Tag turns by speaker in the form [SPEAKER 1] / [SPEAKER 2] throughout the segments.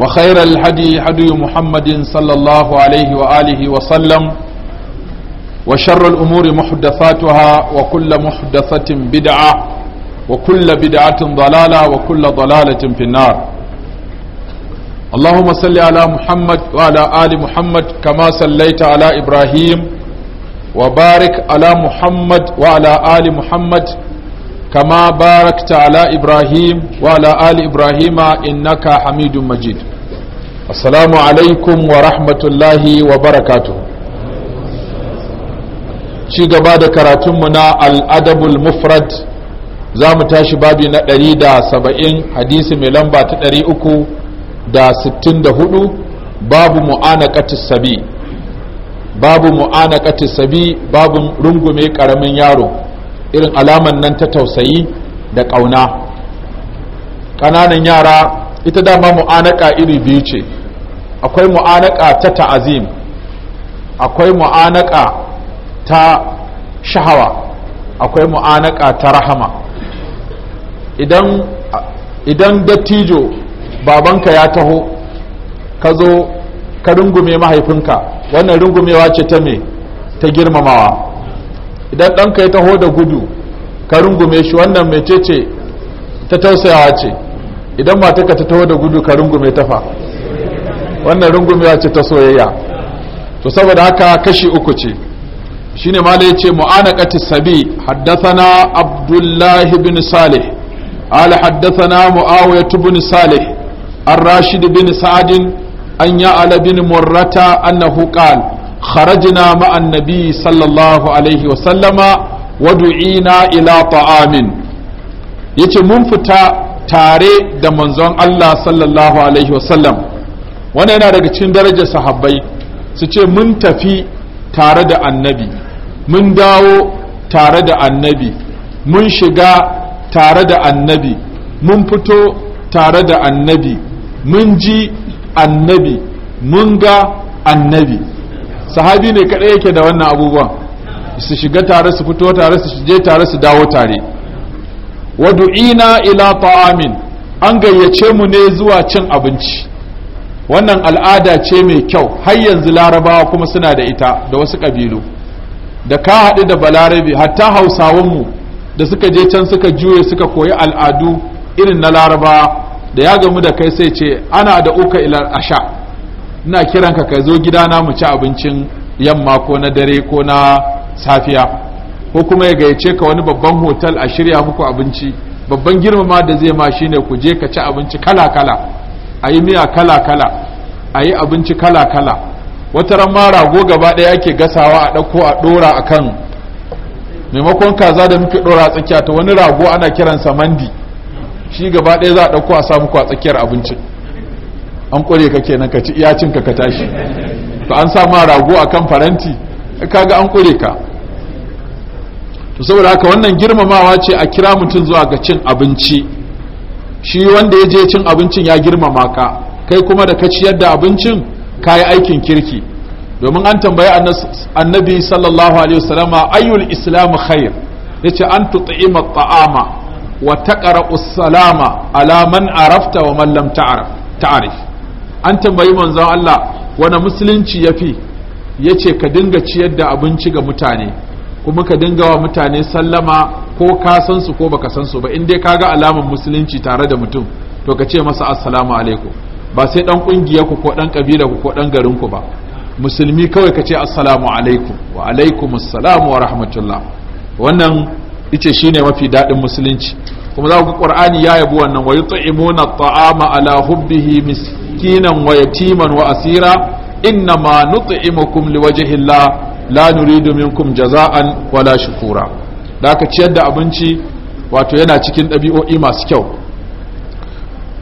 [SPEAKER 1] وخير الهدي هدي محمد صلى الله عليه وآله وسلم وشر الأمور محدثاتها وكل محدثة بدعة وكل بدعة ضلالة وكل ضلالة في النار اللهم صل على محمد وعلى آل محمد كما صليت على إبراهيم وبارك على محمد وعلى آل محمد كما باركت على إبراهيم وعلى آل إبراهيم إنك حميد مجيد السلام عليكم ورحمة الله وبركاته شي gaba da karatunmuna al'adabul mufrad za mu tashi babi na 170 hadisi mai lamba ta 364 babu mu'anaqatis sabi babu mu'anaqatis sabi babu rungume ƙaramin yaro irin alaman nan ta tausayi da ƙauna ƙananan yara ita dama mu'anaka iri biyu ce akwai mu'anaka ta ta'azim akwai mu'anaka ta shahawa akwai mu'anaka ta rahama idan idan dattijo babanka ya taho ka zo ka rungume mahaifinka wannan rungumewa ce ta me ta girmamawa idan ɗanka ya taho da gudu ka rungume shi wannan mecece ta tausayawa ce idan matarka ta taho da gudu ka rungume tafa wannan rungumewa ce ta soyayya to saboda haka kashi uku ce shine ma da yace mu'anaqati sabi haddathana abdullah ibn salih قال حدثنا معاوية بن صالح الراشد بن سعد أن يعلى بن مرة أنه قال Kharajina ma'an nabi sallallahu alaihi wasallama wadu'ina ila ta'amin yace mun fita tare da manzon Allah sallallahu alaihi wasallam wannan yana daga cikin darajar sahabbai su ce mun tafi tare da annabi mun dawo tare da annabi mun shiga tare da annabi mun fito tare da annabi mun ji annabi mun ga annabi sahabi ne kaɗai yake da wannan abubuwan su shiga tare su fito tare su je tare su dawo tare Wadu wadu'ina ila ta'amin an gayyace mu ne zuwa cin abinci wannan al'ada ce mai kyau har yanzu larabawa kuma suna da ita da wasu ƙabilu da ka haɗu da balarabe hatta hausawanmu da suka je can suka juye suka koyi al'adu irin na larabawa da ya gamu da kai sai ce ana da uka ilar asha ina kiranka ka zo gidana mu ci abincin yamma ko na dare ko na safiya ko kuma ya gayyace ka wani babban hotel a shirya muku abinci babban girmama da zai ma shine ku je ka ci abinci kala-kala a yi miya kala-kala a yi abinci kala-kala wata ran ma rago gaba ɗaya ake gasawa a ɗauko a ɗora a kan maimakon kaza da muke ɗora tsakiya ta wani rago ana kiransa mandi shi gaba ɗaya za a ɗauko a samu ku a tsakiyar abincin an kware ka kenan ka ci iya cinka ka tashi to an sa ma rago akan faranti kaga an kware ka to saboda haka wannan girmamawa ce a kira mutum zuwa ga cin abinci shi wanda ya je cin abincin ya girmama ka kai kuma da ka ciyar da abincin ka aikin kirki domin an tambayi annabi sallallahu alaihi wasallama ayyul islam khair yace an tut'ima ta'ama wa taqra'u salama ala man arafta wa man lam ta'rif an tambayi manzon Allah wani musulunci ya fi ya ce ka dinga ciyar da abinci ga mutane kuma ka dinga wa mutane sallama ko ka san su ko baka san su ba in dai ka ga alamar musulunci tare da mutum to ka ce masa assalamu alaikum ba sai dan kungiya ku ko dan kabila ku ko dan garin ku ba musulmi kawai ka ce assalamu alaikum wa alaikumus wa rahmatullah wannan ice shine mafi dadin musulunci kuma za ku qur'ani ya yabi wannan wa yut'imuna at'ama ala hubbihi miskinan wa yatiman wa asira inna ma nut'imukum liwajhi Allah la nuridu minkum jaza'an wala shukura da aka ciyar da abinci wato yana cikin ɗabi'o'i masu kyau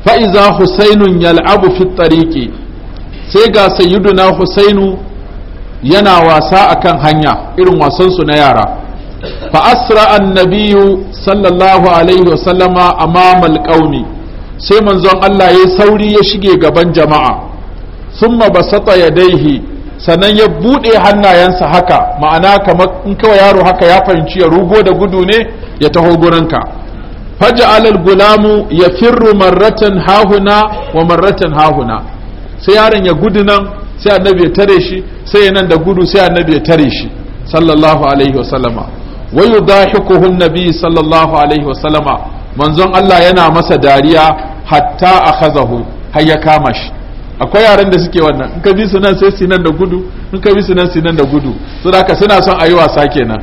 [SPEAKER 1] fa'iza husainun yal'abu fi tariki sai ga sayyiduna husainu yana wasa akan hanya irin wasansu na yara fa asra annabiyu sallallahu alaihi wasallama amamal qaumi sai manzon Allah ya sauri ya shige gaban jama'a thumma basata yadaihi sannan ya bude hannayensa haka ma'ana kamar in kawai yaro haka ya fahimci ya rugo da gudu ne ya taho gurinka faj'al alal gulamu yafirru marratan hahuna wa marratan hahuna sai yaron ya gudu nan sai annabi ya tare shi sai nan da gudu sai annabi ya tare shi sallallahu alaihi wa sallama wa yudahikuhu nabi sallallahu alaihi wasallama manzon Allah yana masa dariya hatta akhazahu har ya kama shi akwai yaran da suke wannan in ka bi su nan sai su nan da gudu in ka bi su nan su nan da gudu da haka suna son a yi wasa kenan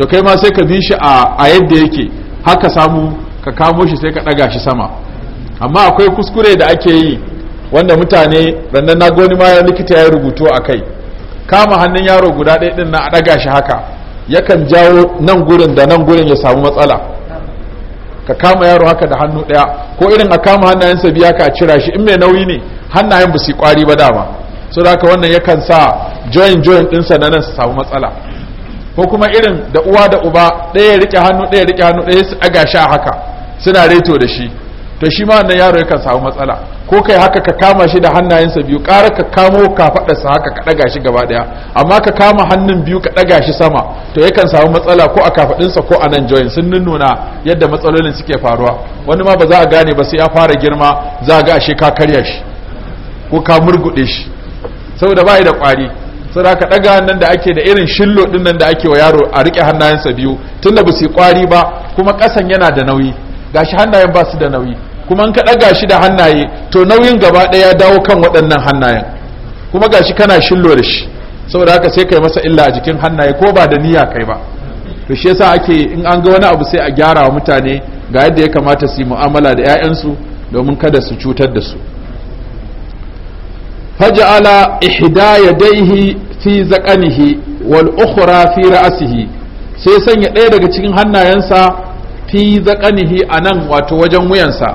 [SPEAKER 1] to kai ma sai ka bi shi a yadda yake haka samu ka kamo shi sai ka daga shi sama amma akwai kuskure da ake yi wanda mutane rannan na goni ma likita ya rubuto a kai kama hannun yaro guda ɗaya ɗin na a ɗaga shi haka yakan jawo nan gurin da nan gurin ya samu matsala ka kama yaro haka da hannu ɗaya ko irin a kama hannayensa biya ka cira shi in mai nauyi ne hannayen ba su kwari ba dama so da haka wannan yakan sa join join dinsa na nan su samu matsala ko kuma irin da uwa da uba ɗaya ya riƙe hannu ɗaya ya riƙe hannu ɗaya su ɗaga shi haka suna reto da shi to shi ma wannan yaro yakan samu matsala ko kai haka ka kama shi da hannayensa biyu ƙara ka kamo sa haka ka ɗaga shi gaba ɗaya amma ka kama hannun biyu ka ɗaga shi sama to yakan samu matsala ko a kafaɗinsa ko a nan join sun nuna yadda matsalolin suke faruwa wani ma ba za a gane ba sai ya fara girma za a ga ashe ka karya shi ko ka murguɗe shi saboda ba da ƙwari saboda ka ɗaga nan da ake da irin shillo ɗin nan da ake wa yaro a riƙe hannayensa biyu tunda ba su yi ƙwari ba kuma ƙasan yana da nauyi gashi hannayen ba su da nauyi kuma an ka gashi shi da hannaye to nauyin gaba ɗaya ya dawo kan waɗannan hannayen kuma gashi kana shillo da shi saboda haka sai kai masa illa a jikin hannaye ko ba da niyya kai ba to shi yasa ake in an ga wani abu sai a gyara wa mutane ga yadda ya kamata su yi mu'amala da 'ya'yansu domin kada su cutar da su faj'ala ihda yadayhi fi zaqanihi wal ukhra fi ra'sihi sai sanya ɗaya daga cikin hannayensa fi a nan wato wajen wuyansa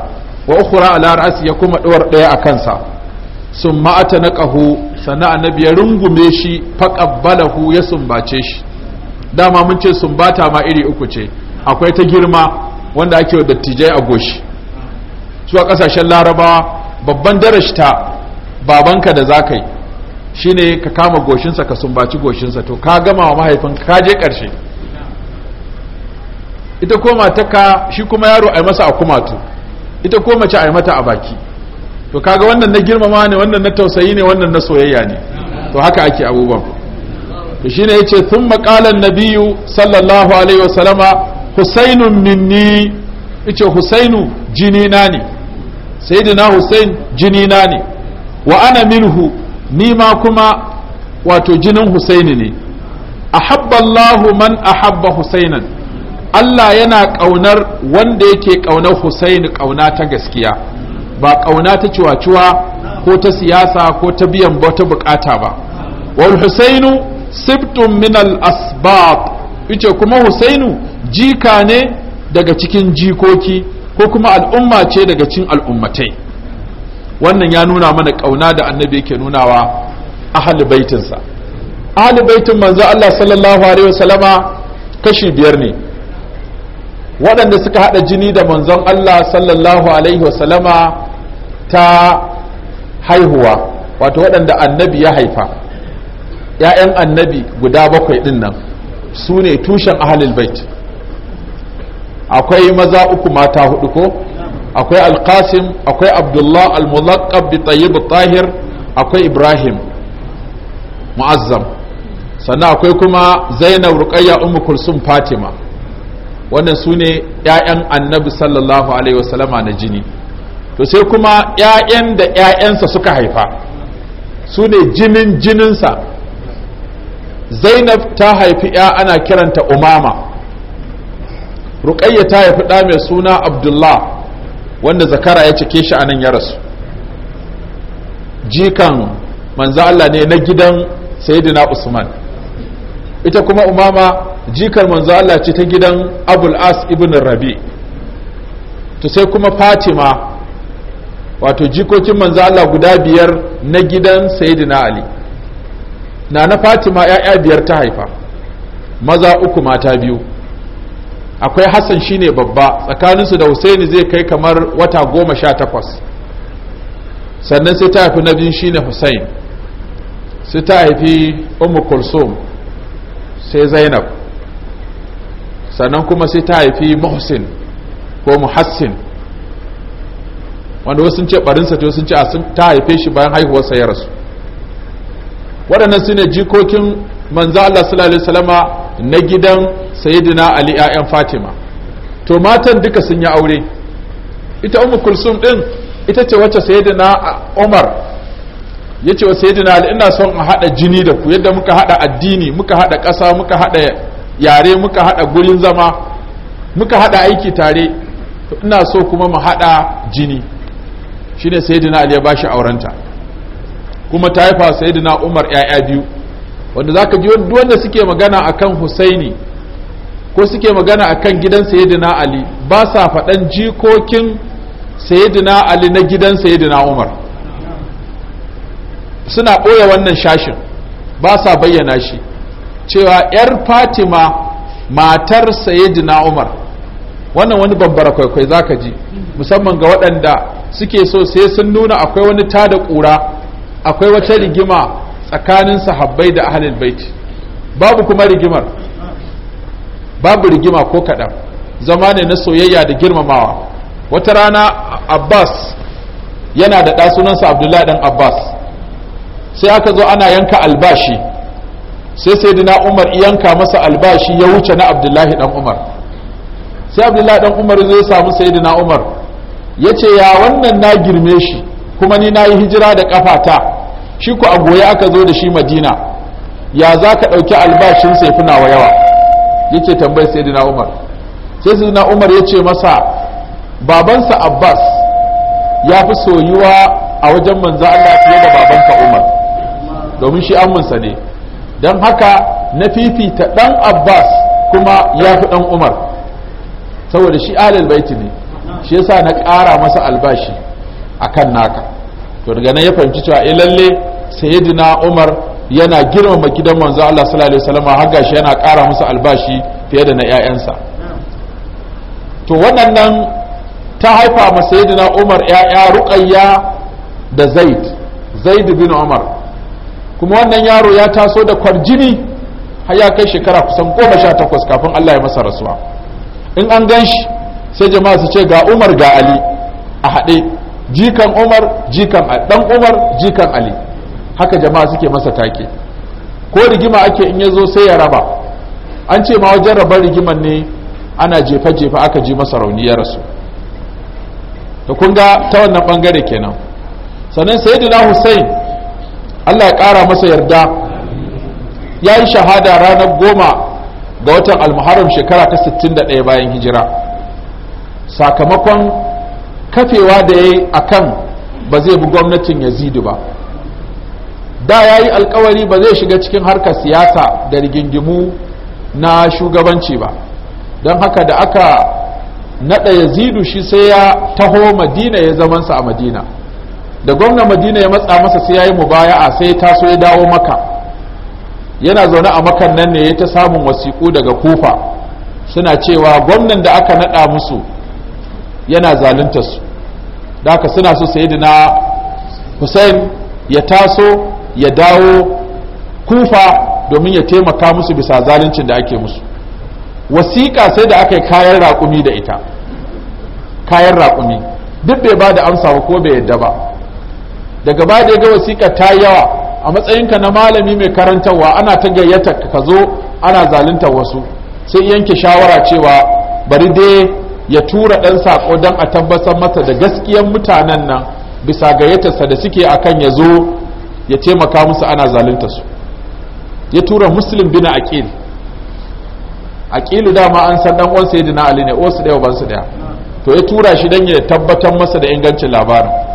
[SPEAKER 1] wa ukhra ala ra'si ya kuma dawar ɗaya a kansa sun ma'ata na ƙaho sana annabi ya rungume shi faƙabbalahu ya sumbace shi dama mun ce sumbata ma iri uku ce akwai ta girma wanda ake wa dattijai a goshi su a ƙasashen larabawa babban darashta babanka da za yi shine ka kama goshinsa ka sumbaci goshinsa to ka gama wa mahaifin ka je ƙarshe ita ko ka. shi kuma yaro a masa a kumatu ita ko mace a mata a baki to kaga wannan na girmama ne wannan na tausayi ne wannan na soyayya ne to haka ake abubuwan to shine yace sun na nabiyyu sallallahu alaihi wasallama husainun minni yace husainu jini na ne sayyidina husain jini na ne wa ana minhu ni ma kuma wato jinin husaini ne ahabba allah man ahabba husainan Allah yana ƙaunar wanda yake ƙaunar Husaini ƙauna ta gaskiya ba ƙauna ta ciwa-ciwa ko ta siyasa ko ta biyan ta bukata ba wal Husainu sibtun min al asbab yace kuma Husainu jika ne daga cikin jikoki ko kuma al'umma ce daga cikin al'ummatai wannan ya nuna mana ƙauna da annabi yake nunawa ahli baitinsa ahli baitin manzo Allah sallallahu alaihi wasallama kashi biyar ne waɗanda suka haɗa jini da manzon Allah sallallahu alaihi wasallama ta haihuwa wato waɗanda annabi ya haifa ‘ya'yan annabi guda bakwai ɗin nan su ne tushen ahalil bait akwai maza uku mata hudu ko akwai alkasim akwai abdullah almulaqab bi tayyib tahir akwai ibrahim mu'azzam sannan akwai kuma zainab ruqayya ummu kulsum fatima wannan su ne 'ya'yan annabi sallallahu alaihi wasallama na jini to sai kuma 'ya'yan da 'ya'yansa suka haifa su ne jinin jininsa zainab ta haifi 'ya ana kiranta umama Rukayya ta haifi ɗa mai suna abdullah wanda zakara ya cike shi a nan ya rasu jikan manza Allah ne na gidan sayyidina usman ita kuma umama jikar manzo Allah ce ta gidan abul as ibn rabi to sai kuma fatima wato jikokin manzo Allah guda biyar na gidan sayyidina ali na na fatima ya'ya biyar ta haifa maza uku mata biyu akwai hassan shine babba tsakaninsu da husaini zai kai kamar wata goma sha takwas sannan sai ta haifi na biyu shine husain sai ta haifi ummu kulsum sai zainab sannan kuma sai ta haifi muhsin ko muhassin wanda wasu ce barinsa ce wasu ce ah, ta haife shi bayan haihuwarsa ya rasu waɗannan su ne jikokin manzo Allah sallallahu alaihi wasallama na gidan sayyidina Ali yayan Fatima to matan duka sun yi aure ita Ummu Kulsum din ita ce wacce sayyidina Umar yace wa sayyidina Ali ina son a haɗa jini da ku yadda muka haɗa addini muka haɗa ƙasa muka hada yare muka hada gurin zama muka hada aiki tare ina so kuma mu hada jini shine sayyidina ali ya bashi aurenta kuma ta haifa sayyidina umar yaya biyu wanda zaka ji wanda suke magana akan husaini ko suke magana akan gidan sayyidina ali ba sa faɗan jikokin sayyidina ali na gidan sayyidina umar suna ɓoye wannan shashin ba sa bayyana shi cewa yar fatima matar na umar wannan wani bambara kwaikwai za ka ji musamman ga waɗanda suke so sai sun nuna akwai wani tada ƙura akwai wata rigima tsakanin sahabbai da ahalil baiti babu kuma rigimar babu rigima ko kaɗan zama ne na soyayya da girmamawa wata rana abbas yana da ɗa sunansa abdullahi dan abbas sai aka zo ana yanka albashi sai sayyidina umar iyanka masa albashi ya wuce na abdullahi dan umar sai abdullahi dan umar zai samu sayyidina umar ya ce ya wannan na girme shi kuma ni na yi hijira da kafata shi ku a goye aka zo da shi madina ya za ka ɗauki albashin sai fi nawa yawa yake tambayar sayyidina umar sai sayyidina umar ya ce masa babansa abbas ya fi soyuwa a wajen manzo allah fiye da babanka umar domin shi aminsa ne don haka na fifita ɗan abbas kuma ya fi ɗan umar saboda shi alil baiti ne shi yasa na ƙara masa albashi akan naka to daga nan ya fahimci cewa eh lalle sayyidina umar yana girmama gidan manzo Allah sallallahu alaihi wasallam har gashi yana ƙara masa albashi fiye da na 'ya'yansa. to waɗannan ta haifa ma sayyidina umar ƴaƴa ruqayya da zaid zaid bin umar kuma wannan yaro ya taso da kwarjini har ya kai shekara kusan goma sha takwas kafin Allah ya masa rasuwa in an gan shi sai jama'a su ce ga Umar ga Ali a haɗe jikan Umar jikan Ali dan Umar jikan Ali haka jama'a suke masa take ko rigima ake in ya zo sai ya raba an ce ma wajen rabar rigiman ne ana jefa-jefa aka ji masa rauni ya rasu to kun ga ta wannan bangare kenan sannan sayyidina Hussein Allah ya ƙara masa yarda ya yi shahada ranar goma ga watan almuharram shekara ta 61 bayan hijira sakamakon kafewa da ya yi a kan ba zai bi gwamnatin yazidu ba da ya yi alkawari ba zai shiga cikin harkar siyasa da rigingimu na shugabanci ba don haka da aka naɗa yazidu shi sai ya taho madina ya zamansa a madina da gwamna madina ya matsa masa sai ya yi mubaya'a sai ya taso ya dawo maka yana zaune a makan nan ne ya ta samun wasiƙu daga kufa suna cewa gwamnan da aka naɗa musu yana zalunta su da suna so na Hussein ya taso ya dawo kufa domin ya taimaka musu bisa zaluncin da ake musu wasiƙa sai da aka yi kayan raƙumi da ita kayan raƙumi duk bai ba da amsa ba ko bai yadda ba daga ba da ya ga wasiƙa ta yawa a matsayinka na malami mai karantarwa ana ta gayyata ka zo ana zalunta wasu sai yanke shawara cewa bari dai ya tura ɗan saƙo don a tabbatar masa da gaskiyan mutanen nan bisa gayyatarsa da suke akan ya zo ya taimaka musu ana zalunta su ya tura muslim bin aqil aqilu dama an san dan uwan sayyidina ali ne uwarsu ban su daya to ya tura shi dan ya tabbatar masa da ingancin labarin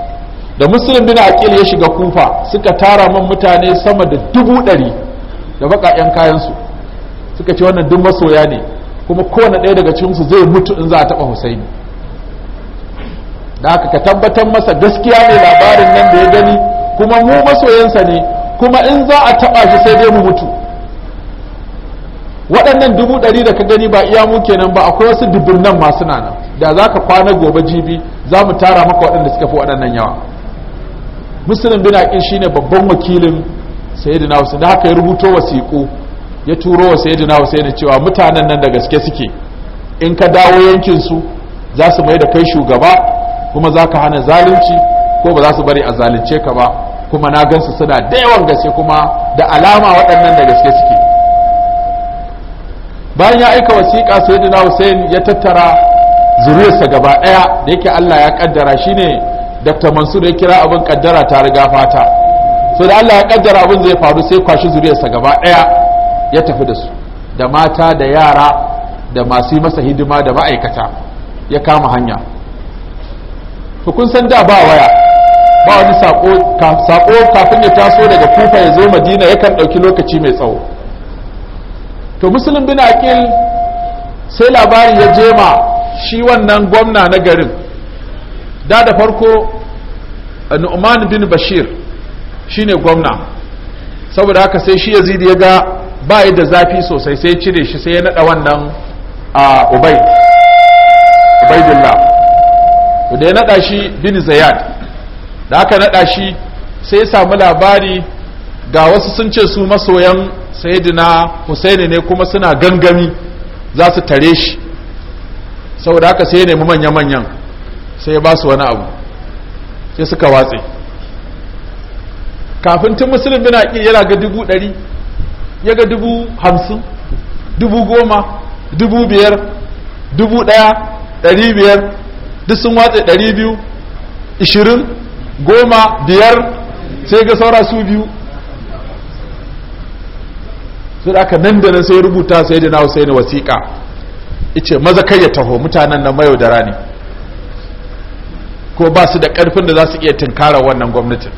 [SPEAKER 1] da muslim bin aqil ya shiga kufa suka tara man mutane sama da dubu ɗari da baƙaƙen kayansu suka ce wannan duk masoya ne kuma kowane ɗaya daga cikinsu zai mutu in za a taɓa husaini da haka ka tabbatar masa gaskiya ne labarin nan da ya gani kuma mu masoyansa ne kuma in za a taɓa shi sai dai mu mutu waɗannan dubu ɗari da ka gani ba iya mu kenan ba akwai wasu dubunnan masu nana da za ka kwana gobe jibi za mu tara maka waɗanda suka fi waɗannan yawa muslim bin aqil shine babban wakilin sayyidina Hussein da haka ya rubuto wasiƙu ya turo wa sayyidina Hussein cewa mutanen nan da gaske suke in ka dawo yankin su za su mai da kai shugaba kuma za ka hana zalunci ko ba za su bari a zalunce ka ba kuma na gansu suna da yawan gaske kuma da alama waɗannan da gaske suke bayan ya aika wasiƙa sayyidina Hussein ya tattara zuriyarsa gaba ɗaya da yake Allah ya kaddara shine dr mansur ya kira abin kaddara ta riga fata so da allah ya kaddara abin zai faru sai kwashi zuriyarsa gaba ɗaya ya tafi da su da mata da yara da masu yi masa hidima da ma'aikata ya kama hanya to da ba waya ba wani sako kafin ya taso daga kufa ya zo madina ya kan ɗauki lokaci mai tsawo to musulun bin akil sai labari ya jema shi wannan gwamna na garin da da farko nu'man bin bashir shine gwamna saboda haka sai shi yazid ya ga ba da zafi sosai sai cire shi sai ya nada wannan a ubaid ubaydullah to da ya nada shi bin zayad da haka nada shi sai ya samu labari ga wasu sun ce su masoyan sayyidina husaini ne kuma suna gangami za su tare shi saboda haka sai ya nemi manya-manyan sai ya ba su wani abu sai suka watse kafin tun musulun bin haƙi yana ga dubu ɗari ya ga dubu hamsin dubu goma dubu biyar dubu ɗaya ɗari biyar duk sun watse ɗari biyu ishirin goma biyar sai ga saura su biyu su da aka nan da nan sai rubuta sai da na sai na wasiƙa ice maza kai ya taho mutanen na mayaudara ne ko ba su da karfin da za su iya tunkara wannan gwamnatin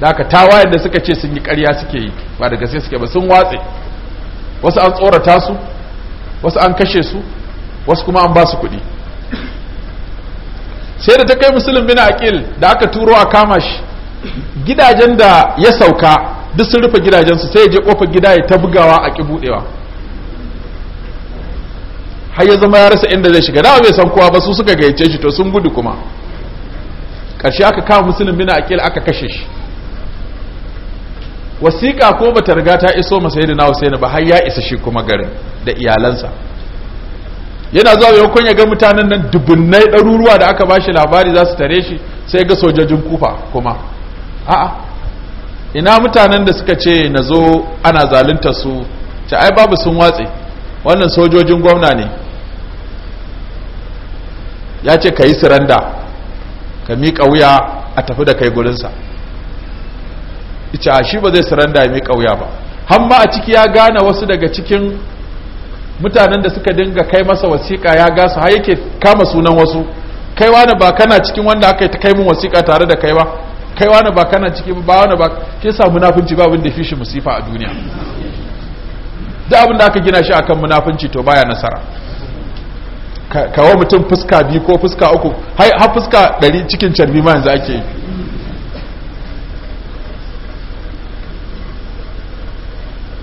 [SPEAKER 1] da aka tawayen da suka ce sun yi karya suke yi ba da gaske suke ba sun watse wasu an tsorata su wasu an kashe su wasu kuma an ba su kuɗi sai da ta kai musulun bin aqil da aka turo a kama shi gidajen da ya sauka duk sun rufe gidajen su sai ya je kofar gida ya ta bugawa a ki budewa har ya zama ya rasa inda zai shiga dawa bai san kowa ba su suka gayyace shi to sun gudu kuma ƙarshe aka kawo musulun a aqil aka kashe shi wasiƙa ko bata riga ta iso masa yadda na husaini ba har ya isa shi kuma garin da iyalansa yana zuwa yankon ya ga mutanen nan dubunnai ɗaruruwa da aka bashi labari za su tare shi sai ga sojojin kufa kuma a'a ina mutanen da suka ce na zo ana zalunta su ta ai babu sun watse wannan sojojin gwamna ne ya ce ka yi siranda ka miƙa wuya a tafi da kai gurinsa ita shi ba zai saranda ya miƙa wuya ba hamma a ciki ya gane wasu daga cikin mutanen da suka dinga kai masa wasiƙa ya gasu har yake kama sunan wasu kai wani ba kana cikin wanda aka ta kai mun wasiƙa tare da kai ba kai wani ba kana cikin ba wani ba ke sa munafunci ba abin da fi shi musifa a duniya da abin da aka gina shi akan munafunci to baya nasara kawo mutum fuska biyu ko fuska uku Ha fuska ɗari cikin carbi ma yanzu ake yi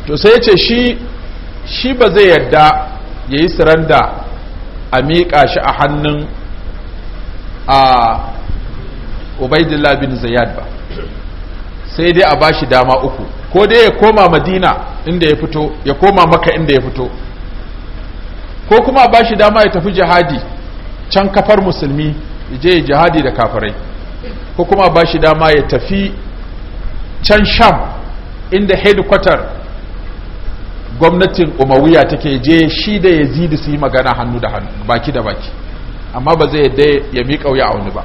[SPEAKER 1] to sai ya ce shi shi ba zai yarda ya yi siranda a miƙa shi a hannun a ubaidillah bin zayad ba sai dai a ba shi dama uku ko dai ya koma madina inda ya fito ya koma maka inda ya fito ko kuma ba shi dama ya tafi jihadi can kafar musulmi je jihadi da kafirai ko kuma ba shi dama ya tafi can sham inda headquarter gwamnatin umawiya take je shi da yazidi su yi magana hannu da hannu baki da baki amma ba zai yadda ya miƙa wuya a wani ba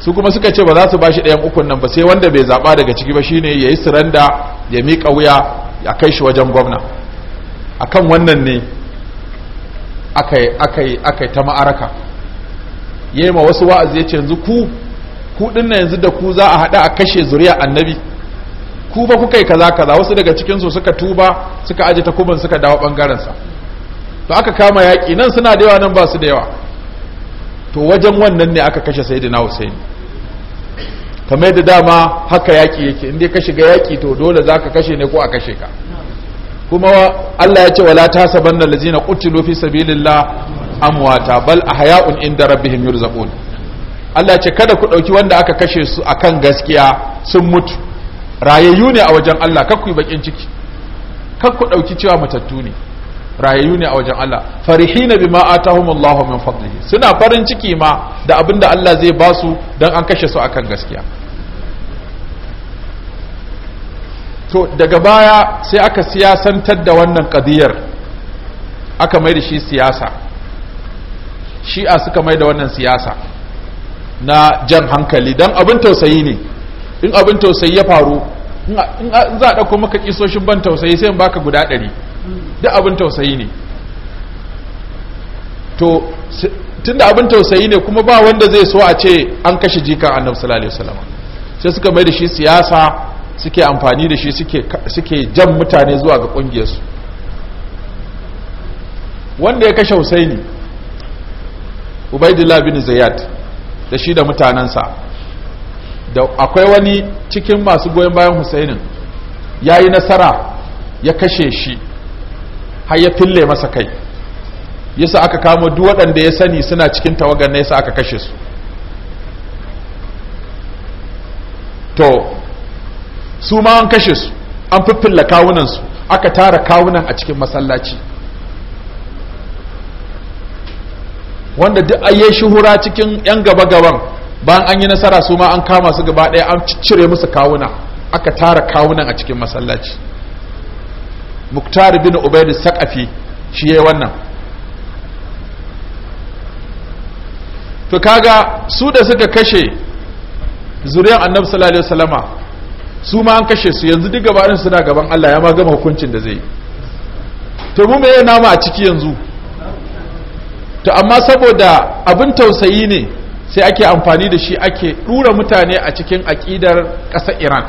[SPEAKER 1] su kuma suka ce ba za su ba shi ɗayan ukun nan ba sai wanda bai zaɓa daga ciki ba shine ya yi siranda ya miƙa wuya ya kai shi wajen gwamna akan wannan ne aka yi ta ma'araka ya yi ma wasu wa'azi ya ce yanzu ku ku na yanzu da ku za a haɗa a kashe zuriya annabi ku ba kuka yi kaza kaza wasu daga cikinsu suka tuba suka aje takuban suka dawo ɓangarensa to aka kama yaƙi nan suna da yawa nan ba su da yawa to wajen wannan ne aka kashe sayyidina husaini kamar da dama haka yaƙi yake inda ka shiga yaƙi to dole za ka kashe ne ko a kashe ka kuma Allah ya ce wala tasabanna allazina qutilu fi sabilillah amwata bal ahya'un inda rabbihim yurzaqun Allah ya ce kada ku dauki wanda aka kashe su akan gaskiya sun mutu rayayyu ne a wajen Allah kakku yi bakin ciki kakku dauki cewa matattu ne rayayyu ne a wajen Allah farihina bima atahumullahu min fadlihi suna farin ciki ma da abinda Allah zai basu dan an kashe su akan gaskiya to daga baya sai aka siyasantar da wannan kadiyar aka mai da shi siyasa shi'a suka mai da wannan siyasa na jan hankali don abin tausayi ne in abin tausayi ya faru in za a ɗauko maka ƙisoshin ban tausayi sai in baka guda ɗari duk abin tausayi ne to tunda abin tausayi ne kuma ba wanda zai so a ce an kashe jikan annabi sallallahu alaihi wasallam sai suka mai da shi siyasa suke amfani da shi suke jan mutane zuwa ga ƙungiyarsu wanda ya kashe husaini ubaidullah bin zayyad da shi da mutanensa da akwai wani cikin masu goyon bayan husainin ya yi nasara ya kashe shi har ya fille masa kai yasa aka kama duk waɗanda ya sani suna cikin tawagar yasa aka kashe su to su ma an kashe su an fiffilla kawunansu aka tara kawunan a cikin masallaci wanda duk ayi shuhura cikin 'yan gaba-gaban bayan an yi nasara su ma an kama su gaba ɗaya an cire musu kawuna aka tara kawunan a cikin masallaci muktar bin ubaidu sakafi shi ya wannan to kaga su da suka kashe zuriyar annabi sallallahu alaihi wasallama su ma an kashe su yanzu duk gabanin suna gaban Allah ya ma gama hukuncin da zai yi to mu meye nama a ciki yanzu to amma saboda abin tausayi ne sai ake amfani da shi ake dura mutane a cikin aƙidar ƙasar Iran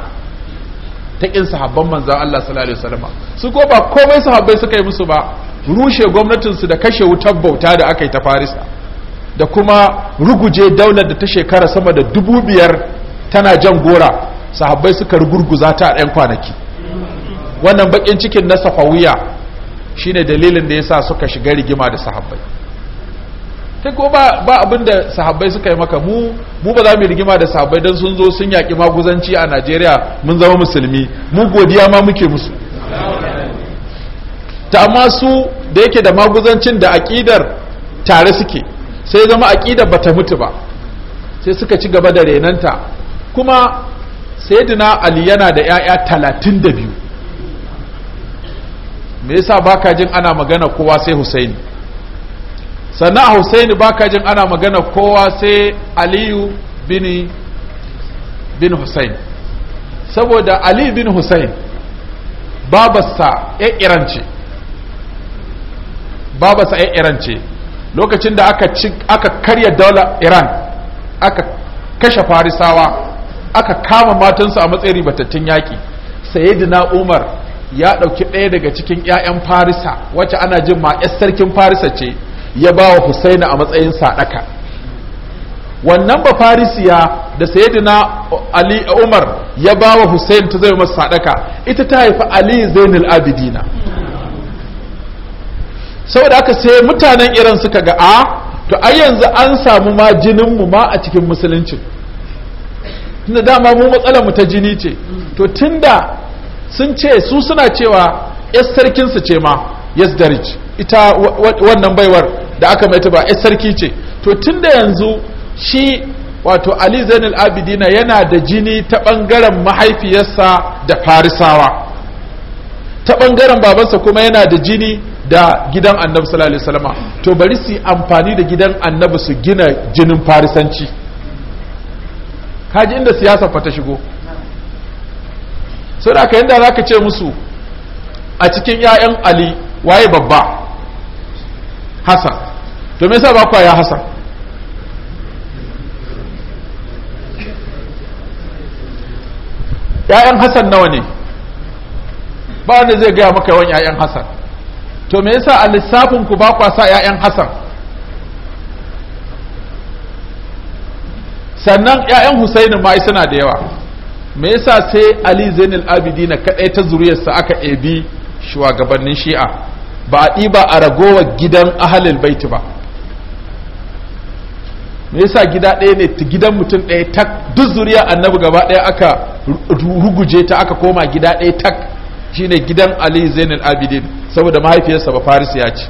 [SPEAKER 1] ta kin sahabban manzon Allah sallallahu alaihi wasallam su ko ba komai sahabbai suka yi musu ba rushe gwamnatin su da kashe wutar bauta da aka yi ta Farisa da kuma ruguje daular da ta shekara sama da dubu biyar tana jan gora sahabbai suka rugurguza ta a ɗan kwanaki wannan bakin cikin na safawiya shine dalilin da ya sa suka shiga rigima da sahabbai kai ko ba ba abin da sahabbai suka yi maka mu mu ba za mu rigima da sahabbai don sun zo sun yaƙi maguzanci a Najeriya mun zama musulmi mu godiya ma muke musu ta amma su da yake da maguzancin da aƙidar tare suke sai zama aƙidar ba ta mutu ba sai suka ci gaba da renanta kuma sayyidina ali yana da yaya talatin da biyu me yasa baka jin ana magana kowa sai husaini sannan a husaini baka jin ana magana kowa sai aliyu bin bin saboda ali bin Husaini babarsa ya iranci babarsa ya iranci lokacin da aka karya daular iran aka kashe farisawa aka kama matansa a matsayin ribatattun yaƙi sayyidina umar ya ɗauki ɗaya daga cikin 'ya'yan farisa wacce ana jin ma 'yar sarkin farisa ce ya ba wa husaina a matsayin saɗaka. wannan ba farisiya da sayyidina ali umar ya ba wa husain ta zai masu saɗaka. ita ta haifi ali zainul abidina saboda aka sai mutanen iran suka ga a to ai yanzu an samu ma jinin mu ma a cikin musuluncin tunda dama mu matsalar mu ta jini ce to tunda sun ce su suna cewa yas sarkin su ce ma yas darij ita wannan baiwar da aka mai ba yas sarki ce to tunda yanzu shi wato ali zainul abidina yana da jini ta bangaren mahaifiyarsa da farisawa ta bangaren babansa kuma yana da jini da gidan annabi sallallahu alaihi to bari su amfani da gidan annabi su gina jinin farisanci kaji inda siyasa fa ta shigo sai da ka yanda zaka ce musu a cikin 'ya'yan ali waye babba hasan to me yasa ba ku ya hasan ‘ya'yan Hassan nawa ne ba wanda zai gaya maka yawan ‘ya'yan Hassan to me yasa a lissafinku ku ba kwa sa ‘ya'yan Hassan sannan 'ya'yan husaini ma suna da yawa me yasa sai ali zainul abidina kaɗai ta zuriyarsa aka ebi shugabannin shi'a ba a ɗiba a ragowar gidan ahalil baiti ba me yasa gida ɗaya ne ta gidan mutum ɗaya tak duk zuriya annabi gaba ɗaya aka ruguje ta aka koma gida ɗaya tak shine gidan ali zainul abidin saboda mahaifiyarsa ba ya ce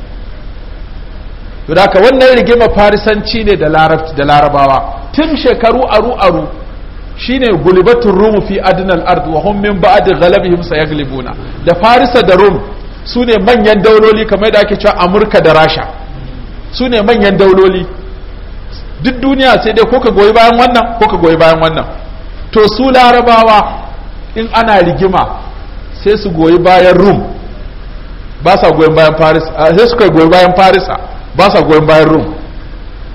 [SPEAKER 1] to da wannan rigima farisanci ne da larabci da larabawa tun shekaru aru aru shine gulibatun rumu fi adnal ard wa hum min ba'd ghalabihim sayaglibuna da farisa da rum sune manyan dauloli kamar da ake cewa amurka da rasha sune manyan dauloli duk duniya sai dai ko ka goyi bayan wannan ko ka goyi bayan wannan to su larabawa in ana rigima sai su goyi bayan rum ba sa goyi bayan farisa sai su kai goyi bayan farisa ba sa goyon bayan rum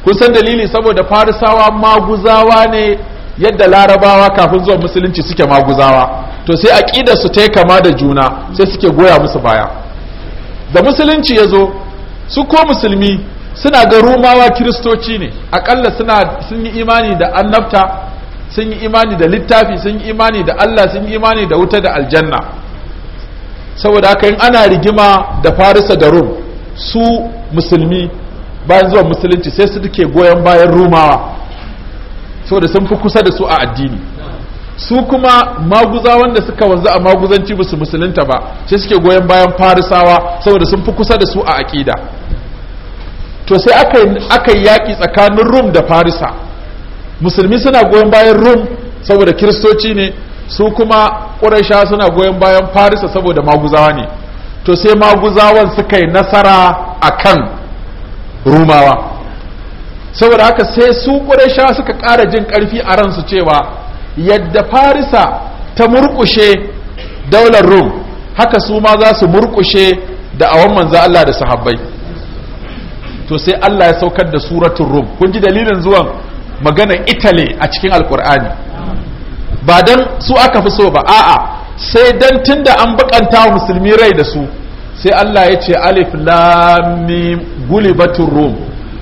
[SPEAKER 1] kun san dalili saboda farisawa maguzawa ne yadda larabawa kafin zuwa musulunci suke maguzawa to sai aƙida su ta kama da juna sai suke goya musu baya da musulunci ya zo su ko musulmi suna ga rumawa kiristoci ne Aƙalla suna sun yi imani da annabta sun yi imani da littafi sun yi imani da allah sun yi imani da wuta da aljanna saboda haka in ana rigima da farisa da rum su musulmi bayan zuwa musulunci sai su duke goyon bayan rumawa saboda sun fi kusa da su a addini su kuma maguza wanda suka wanzu a maguzanci ba su musulunta ba sai suke goyon bayan farisawa saboda sun fi kusa da su a aƙida to sai aka yi yaƙi tsakanin rum da farisa musulmi suna goyon bayan rum saboda kiristoci ne su kuma ƙurasha suna goyon bayan farisa saboda maguzawa ne to sai maguzawan suka yi nasara a kan rumawa saboda haka sai su ƙureshawa suka ƙara jin ƙarfi a ransu cewa yadda farisa ta murƙushe daular rum haka su ma za su murƙushe da awon manza Allah da sahabbai to sai Allah ya saukar da suratun rum kun ji dalilin zuwan maganar italy a cikin alƙur'ani ba don su aka fi so ba a'a sai dan tunda an wa musulmi rai da su sai Allah ya ce alif lam mim gulibatur rum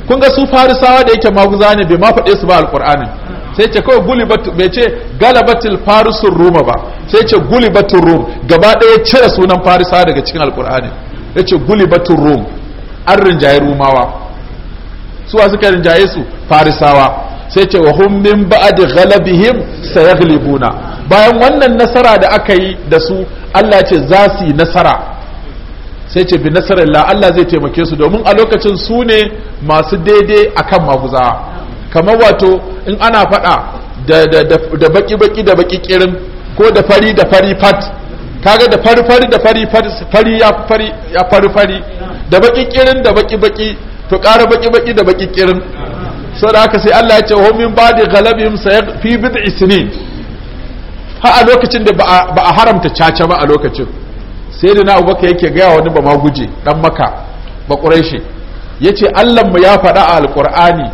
[SPEAKER 1] kun ga su farisawa da yake maguza ne bai ma faɗe su ba alqur'anin sai ce kawai gulibat bai ce galabatil farisur ruma ba sai ce gulibatur rum gaba ɗaya cire sunan farisawa daga cikin ce yace gulibatur rum an rinjaye rumawa Su wasu suka rinjaye su farisawa sai ce wa hum min ba'di ghalabihim sayaglibuna bayan wannan nasara da aka yi da su Allah ce za su yi nasara sai ce bi nasarar la Allah zai taimake su domin a lokacin su ne masu daidai akan maguza kamar wato in ana faɗa da baki-baki da baki kirin ko da fari da fari fat kaga da fari fari da fari fari ya fari fari fari da baki kirin da baki baki to ƙara baki baki da baki kirin da haka sai Allah ya ce homin ba da galabim fi bid'i sinin har a lokacin da ba a haramta caca ba a lokacin sai da na abubakar yake gaya wani ba maguje dan maka ba ƙurashi ya ce mu ya faɗa a alƙur'ani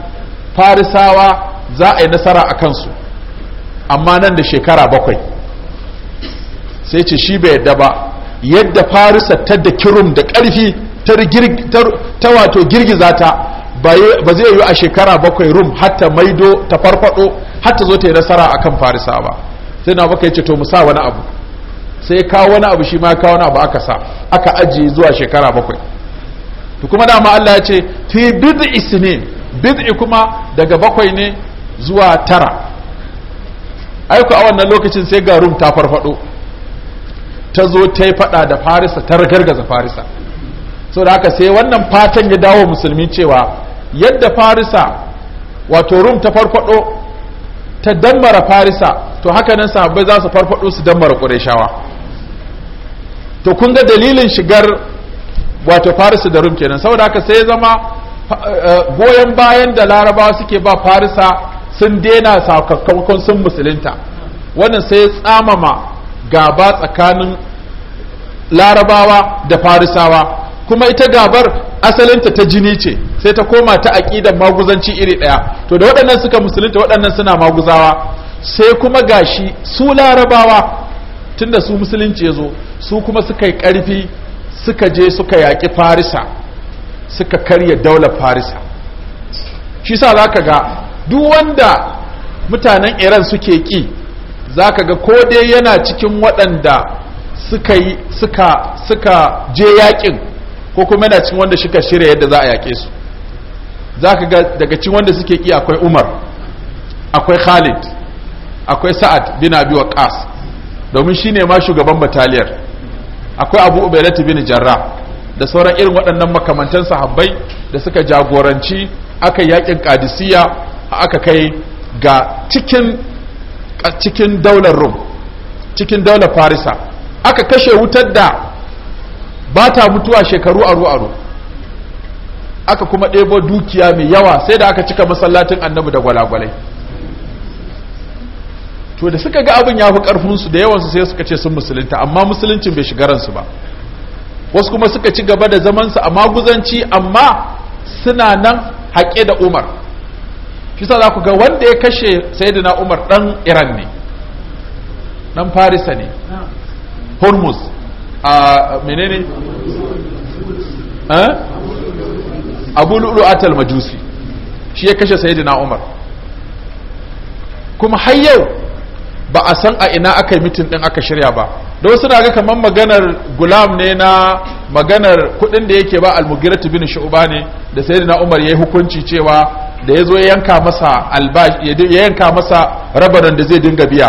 [SPEAKER 1] farisawa za a yi nasara a kansu amma nan da shekara bakwai sai ce shi bai yadda ba yadda farisa ta da kirum da ƙarfi ta wato girgiza ta ba zai yi a shekara bakwai rum hatta maido ta farfado hatta zo ta yi nasara akan farisa ba sai na baka yace to mu sa wani abu sai ka wani abu shi ma ka wani abu aka sa aka ajiye zuwa shekara bakwai to kuma da ma Allah ya ce fi bid'i isnin bid'i kuma daga bakwai ne zuwa tara Ai ku a wannan lokacin sai ga rum ta farfado ta zo ta yi fada da farisa ta gargaza farisa so da haka sai wannan fatan ya dawo musulmi cewa yadda farisa wato rum ta farfado ta dammara farisa to haka nan sahabbai za su farfado su dambara qurayshawa to kun ga dalilin shigar wato farisa da rum kenan saboda haka sai ya zama eh, goyon bayan da larabawa suke ba farisa sun daina sakamakon sun musulunta wannan sai ya tsamama gaba tsakanin larabawa da farisawa kuma ita gabar asalinta ta jini ce sai ta koma ta aƙidan maguzanci iri ɗaya to da waɗannan suka musulunta waɗannan suna maguzawa sai kuma gashi su larabawa tunda su musulunci ya zo su kuma suka yi ƙarfi suka je suka yaƙi farisa suka karya daular farisa shi sa za ka ga duk wanda mutanen iran suke ƙi za ka ga ko dai yana cikin waɗanda suka yi suka je yaƙin ko kuma yana cikin wanda suka shirya yadda za a yaƙe su za ka ga daga cikin wanda suke ƙi akwai umar akwai khalid akwai sa'ad bin abi waqas domin shine ma shugaban bataliyar akwai abu ubaidat bin jarra da sauran irin waɗannan makamantan sahabbai da suka jagoranci aka yakin qadisiya aka kai ga cikin cikin daular rum cikin daular farisa aka kashe wutar da ba ta mutuwa shekaru aru-aru aka kuma ɗebo dukiya mai yawa sai da aka cika masallacin annabi da gwalagwalai to da suka ga abin ya fi ƙarfinsu da yawansu sai suka ce sun musulunta amma musuluncin bai shiga ransu ba wasu kuma suka ci gaba da zamansu a maguzanci amma suna nan haƙe da umar shi sa za ku ga wanda ya kashe sayyidina umar ɗan iran ne ɗan farisa ne hormuz a menene eh? abu lu'lu atal majusi shi ya kashe sayyidina umar kuma har yau ba a san a ina aka yi mitin din aka shirya ba don suna ga kamar maganar gulam ne na maganar kudin da yake ba almugiratu bin shu'ba ne da sayyidina umar yayi hukunci cewa da yazo ya yanka masa albashi ya yanka masa rabaran da zai dinga biya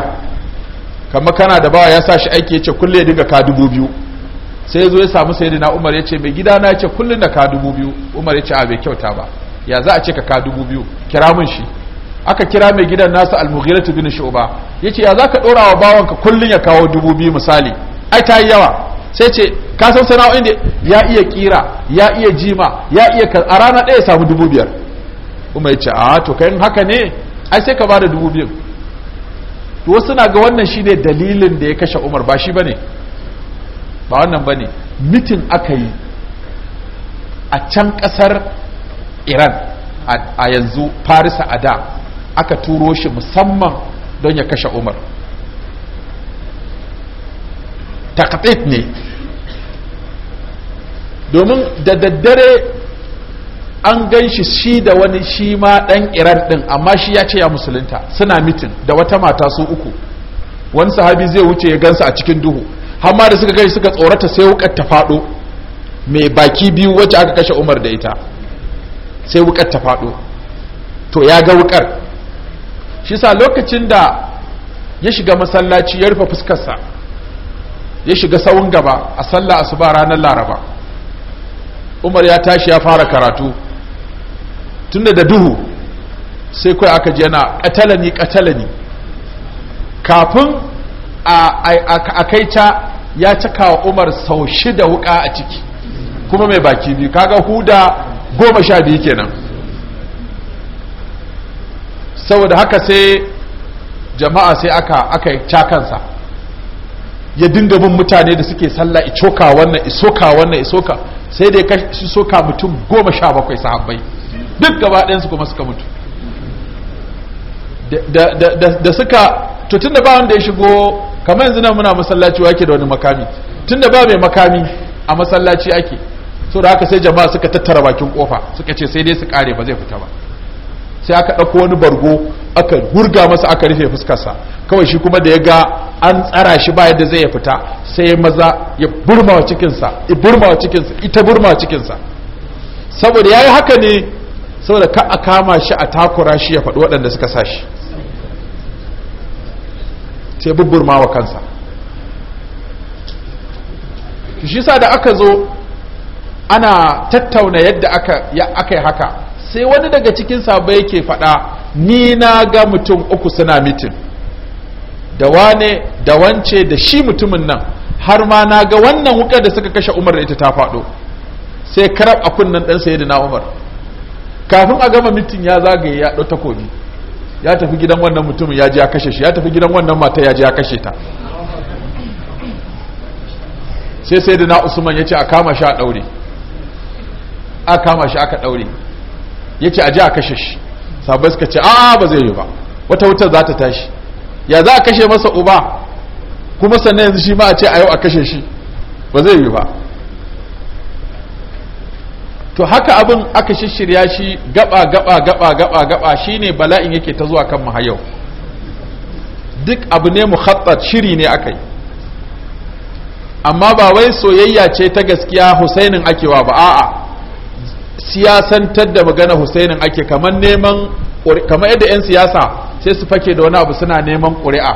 [SPEAKER 1] kamar kana da bawa ya sa shi aiki yace kulle ya dinga ka dubu biyu sai zo ya samu sayyidina umar yace mai gida na yace kullum da ka dubu biyu umar yace a bai kyauta ba ya za a ce ka ka dubu biyu kira mun shi aka kira mai gidan nasa al-mughiratu bin shu'ba yace ya zaka dora wa bawanka kullun ya kawo dubu biyu misali ai ta yi yawa sai ce ka san sana'o'in da ya iya kira ya iya jima ya iya a rana ɗaya samu dubu biyar kuma ya ce a to kai haka ne ai sai ka bada dubu biyu to wasu na ga wannan shine dalilin da ya kashe umar ba shi bane ba wannan bane mitin aka yi a can kasar iran a yanzu farisa a da aka turo shi musamman don ya kashe umar takatit ne domin da daddare an gan shi shi da wani shi ma dan iran din amma shi ya ce ya musulunta suna mitin da wata mata su uku wani sahabi zai wuce ya gansa a cikin duhu hamma da suka gani suka tsorata sai wukar ta faɗo mai baki biyu wacce aka kashe umar da ita sai wukar ta faɗo to ya ga wukar shi sa lokacin da ya shiga masallaci ya rufe fuskarsa ya shiga sawun gaba a sallah asuba ranar laraba umar ya tashi ya fara karatu tunda da duhu sai kawai aka ji yana katalani katalani kafin a kai ta ya cika wa umar sau shida wuka a ciki kuma mai baki biyu kaga huda goma sha biyu kenan saboda haka sai jama'a sai aka aka cakansa ya dinga bin mutane da suke sallah icoka wannan isoka wannan isoka sai dai shi soka mutum goma sha bakwai sahabbai duk gaba ɗayansu kuma suka mutu da suka to tun da ba wanda ya shigo kamar yanzu nan muna masallaci wake da wani makami tun da ba mai makami a masallaci ake so da haka sai jama'a suka tattara bakin kofa suka ce sai dai su kare ba zai fita ba sai aka ɗauko wani bargo aka hurga masa aka rufe fuskarsa kawai shi kuma da ya ga an tsara shi ba yadda zai ya fita sai ya maza ya burmawa cikinsa ya burmawa cikinsa ita burmawa cikinsa saboda ya yi haka ne saboda ka a kama shi a takura shi ya faɗi waɗanda suka sa shi sai wa kansa shi sa da aka zo ana tattauna yadda aka yi haka sai wani daga cikin sabai yake faɗa ni na ga mutum uku suna mitin da wane da wance da shi mutumin nan har ma na ga wannan wuka da suka kashe umar da ita ta faɗo sai karab a kunnen ɗansa ya na umar kafin a gama mitin ya zagaye ya ɗau takobi ya tafi gidan wannan mutumin ya ji ya kashe shi ya tafi gidan wannan mata ya ji ya kashe ta sai sai da na usman ya ce a kama shi a ɗaure a kama shi aka ɗaure yace aje a kashe shi sabai suka ce a ba zai yi ba wata wutar za ta tashi ya za a kashe masa uba kuma sannan yanzu shi ma a ce a yau a kashe shi ba zai yi ba to haka abin aka shishirya shi gaba gaba gaba gaba gaba ne bala'in yake ta zuwa kan mahayau duk abu ne muhattat shiri ne yi amma ba wai soyayya ce ta gaskiya husainin akewa ba a'a siyasantar da magana husainin ake kamar neman kamar yadda 'yan siyasa sai su fake da wani abu suna neman ƙuri'a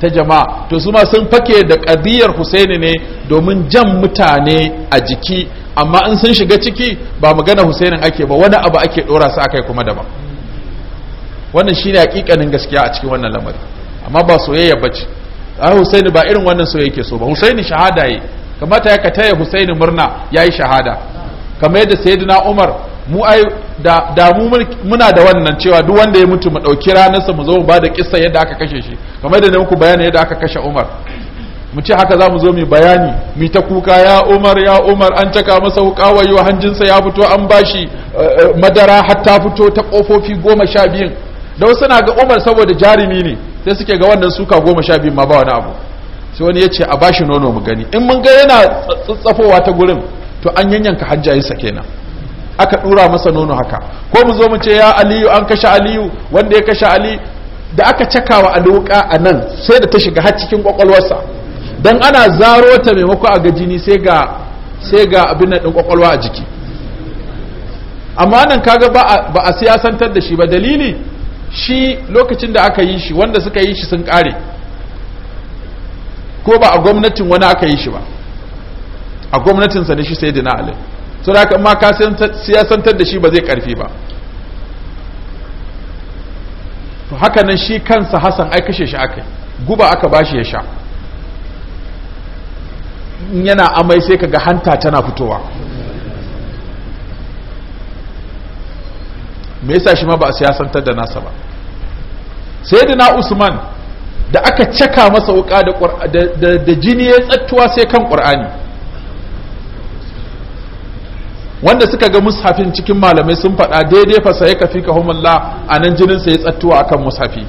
[SPEAKER 1] ta jama'a to su ma sun fake da ƙadiyar husaini ne domin jan mutane a jiki amma in sun shiga ciki ba magana husainin ake ba wani abu ake ɗora su akai kuma daban wannan shine hakikanin gaskiya a cikin wannan lamari amma ba soyayya bace ai husaini ba irin wannan soyayya yake so ba husaini shahada yi kamata ya ka taya husaini murna yi shahada kamar yadda sayyidina Umar mu ai da, mu muna da wannan cewa duk wanda ya mutu mu dauki ranarsa mu zo mu bada kissa yadda aka kashe shi kamar yadda muku bayani yadda aka kashe Umar mu ce haka za mu zo mu bayani mu ta kuka ya Umar ya Umar an caka masa wuka wayo hanjinsa ya fito an bashi eh, eh, madara hatta fito ta kofofi goma sha biyun da wasu na ga Umar saboda jarumi ne sai suke ga wannan suka goma sha biyun ma ba wani abu sai wani ya ce a bashi nono mu gani in mun ga yana tsatsafowa ta gurin to an yanyanka hajjayinsa kenan aka dura masa nono haka ko mu zo mu ce ya aliyu an kashe aliyu wanda ya kashe ali da aka cakawa a duka a nan sai da ta shiga har cikin kwakwalwarsa dan ana zaro ta maimako a gajini sai ga sai ga abin nan din kwakwalwa a jiki amma nan kaga ba ba a siyasantar da shi ba dalili shi lokacin da aka yi shi wanda suka yi shi sun kare ko ba a gwamnatin wani aka yi shi ba a gwamnatinsa ne shi sai dina ali so da ka siyasantar da shi ba zai karfi ba to haka nan shi kansa hasan ai kashe shi aka guba aka bashi ya sha yana amai sai kaga hanta tana fitowa me yasa shi ma ba a siyasantar da nasa ba sayyidina usman da aka caka masa wuka da jini ya tsattuwa sai kan qur'ani wanda suka ga mushafin cikin malamai sun faɗa daidai fa sai ka fika a anan jinin sa ya tsattuwa akan mushafi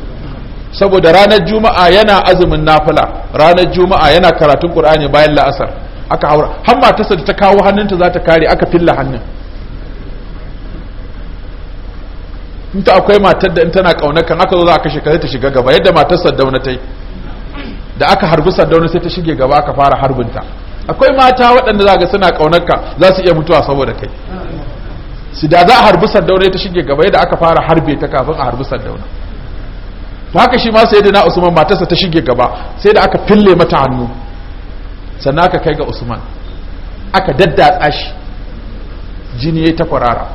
[SPEAKER 1] saboda ranar juma'a yana azumin nafila ranar juma'a yana karatun qur'ani bayan la'asar aka haura har matarsa da ta kawo hannunta za ta kare aka filla hannun in akwai matar da in tana kaunakan aka zo za a kashe ta shiga gaba yadda matar saddauna ta yi da aka harbi saddauna sai ta shige gaba aka fara harbinta akwai mata waɗanda za ga suna ƙaunarka za su iya mutuwa saboda kai su da za a harbi sardauna ta shige gaba yadda aka fara harbe ta kafin a harbi sardauna to haka shi ma sai na usman matarsa ta shige gaba sai da aka fille mata hannu sannan aka kai ga usman aka daddatsa shi jini ya ta kwarara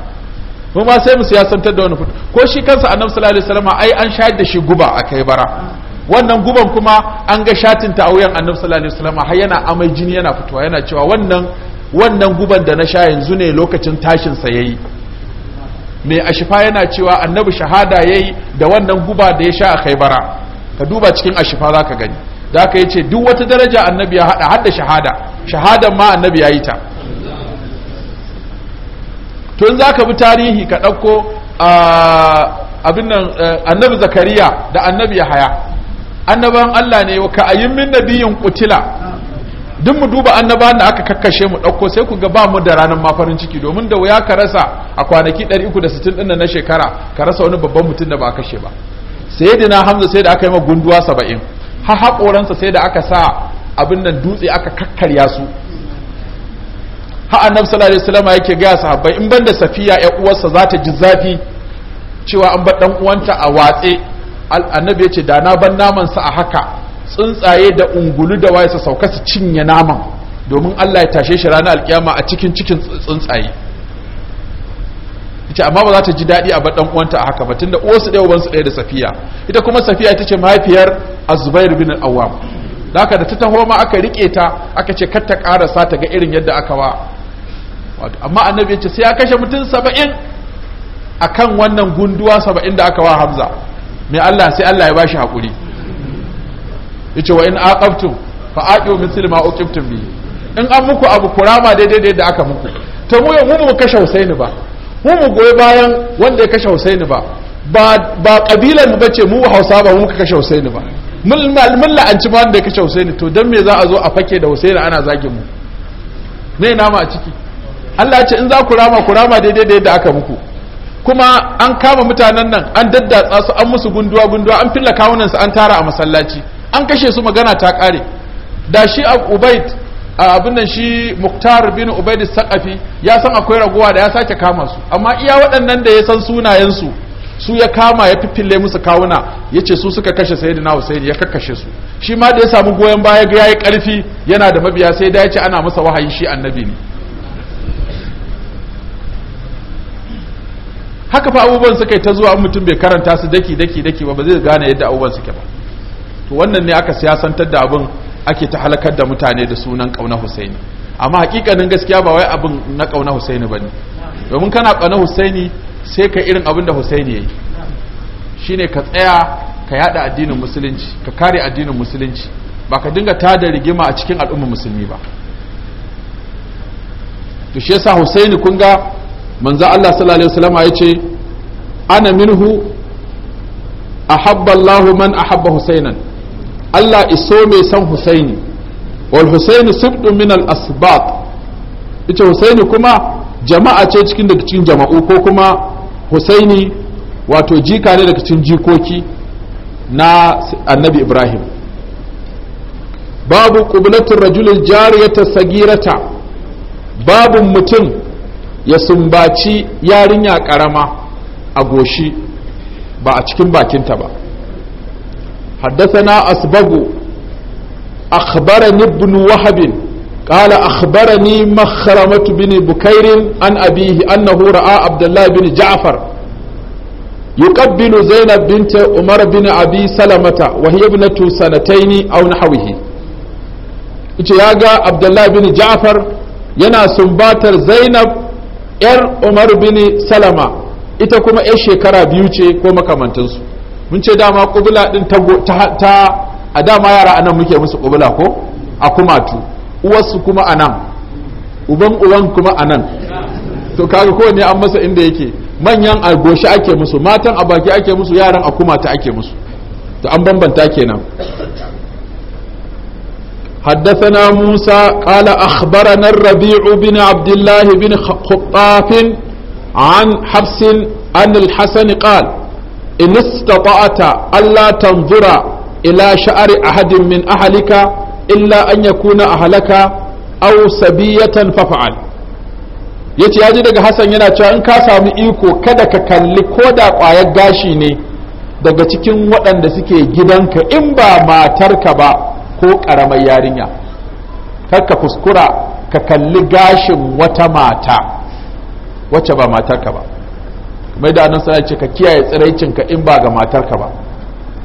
[SPEAKER 1] mu ma sai mu siyasantar da wani fito ko shi kansa annabi sallallahu alaihi wasallam ai an shayar da shi guba a kai bara wannan guban kuma an ga shatin ta a wuyan annabi sallallahu alaihi wasallam har yana amai jini yana fitowa yana cewa wannan wannan guban da na sha yanzu ne lokacin tashin sa yayi mai ashifa yana cewa annabi shahada yayi da wannan guba da ya sha a khaibara ka duba cikin ashifa zaka gani zaka yace duk wata daraja annabi ya hada hadda shahada shahadan ma annabi yayi ta tun zaka bi tarihi ka dauko ah, abin nan eh, annabi zakariya da annabi yahaya annaban Allah ne wa yi min biyun kutila duk mu duba annaban da aka kakkashe mu ɗauko sai ku ga ba mu da ranar ma ciki domin da wuya ka rasa a kwanaki 360 ɗin na shekara ka rasa wani babban mutum da ba a kashe ba sai da na hamza sai da aka yi ma gunduwa saba'in ha haƙoransa sai da aka sa abin nan dutse aka kakkarya su ha annab sallallahu alaihi wasallam yake ga sahabbai in banda safiya ya uwarsa za ta ji zafi cewa an bar dan uwanta a watse annabi ya ce da na ban namansa a haka tsuntsaye da ungulu da waye su sauka su cinye naman domin Allah ya tashe shi ranar alkiyama a cikin cikin tsuntsaye ita amma ba za ta ji daɗi a baɗan uwanta a haka ba tunda su ɗaya su ɗaya da safiya ita kuma safiya ita ce mahaifiyar azubair bin awam da haka da ta taho ma aka rike ta aka ce kar ta karasa ta ga irin yadda aka wa amma annabi ya ce sai ya kashe mutum saba'in akan wannan gunduwa saba'in da aka wa hamza mai Allah sai Allah ya bashi hakuri ce wa in aqabtum fa aqiu misl ma uqibtum bi in an muku abu kurama daidai da yadda aka muku to mu mu mu kashe Husaini ba mu mu goyi bayan wanda ya kashe Husaini ba ba ba kabilan mu bace mu Hausa ba mu kashe Husaini ba mun la'anci ba wanda ya kashe Husaini to dan me za a zo a fake da Husaini ana zagin mu me nama a ciki Allah ya ce in za ku rama ku rama daidai da yadda aka muku kuma an kama mutanen nan an daddatsa su an musu gunduwa gunduwa an filla kawunan su an tara a masallaci an kashe su magana ta kare da shi a ubaid abin nan shi muktar bin ubaid Sakafi ya san akwai raguwa da ya sake kama su amma iya waɗannan da ya san sunayen su su ya kama ya fiffille musu kawuna ya ce su suka kashe sayyidina husaini ya kakkashe su shi ma da ya samu goyon baya ga yayi karfi yana da mabiya sai da ya ce ana masa wahayi shi annabi ne haka fa abubuwan suka yi ta zuwa mutum bai karanta su daki daki daki ba ba zai gane yadda abubuwan suke ba to wannan ne aka siyasantar da abin ake ta halakar da mutane da sunan kauna Husaini amma hakikanin gaskiya ba wai abin na kauna Husaini ne domin kana kauna Husaini sai ka irin abin da Husaini yayi shine ka tsaya ka yada addinin musulunci ka kare addinin musulunci ba ka dinga tada rigima a cikin al'ummar musulmi ba to shi yasa Husaini kun ga manzo Allah sallallahu alaihi wasallam ce ana minhu ahabba Allah man ahabba Husainan Allah iso mai san Husaini wal Husaini sibdu min al asbat ita Husaini kuma jama'a ce cikin daga cikin jama'u ko kuma Husaini wato jika ne daga cikin jikoki na annabi Ibrahim babu qublatur rajulil jariyata sagirata babu mutum ya sumbaci yarinya karama a goshi ba a cikin bakinta ba حدثنا أسبغ أخبرني ابن وهب قال أخبرني مخرمة بن بكير عن أبيه أنه رأى عبد الله بن جعفر يقبل زينب بنت عمر بن أبي سلمة وهي ابنة سنتين أو نحوه yaga Abdullahi bin Ja'far yana sumbatar Zainab yar umar bin salama ita kuma 'yan shekara biyu ce ko makamantansu mun ce dama kubula din ta a dama yara anan muke musu kubula ko a kumatu uwarsu kuma anan uban uban kuma anan to kaga ne an masa inda yake manyan a goshi ake musu matan a baki ake musu yaran a kumata ake musu to an bambanta kenan حدثنا موسى قال أخبرنا الربيع بن عبد الله بن خطاف عن حفص عن الحسن قال إن استطعت ألا تنظر إلى شعر أحد من أهلك إلا أن يكون أهلك أو سبية ففعل yace ya ji daga Hassan yana cewa in ka samu iko kada ka kalli ko da ƙwayar gashi ne daga cikin waɗanda suke gidanka in ba matarka ba ko karamar yarinya karka kuskura ka kalli gashin wata mata wacce ba matarka ba mai da annan sanar ce ka kiyaye tsiraicinka in ba ga matarka ba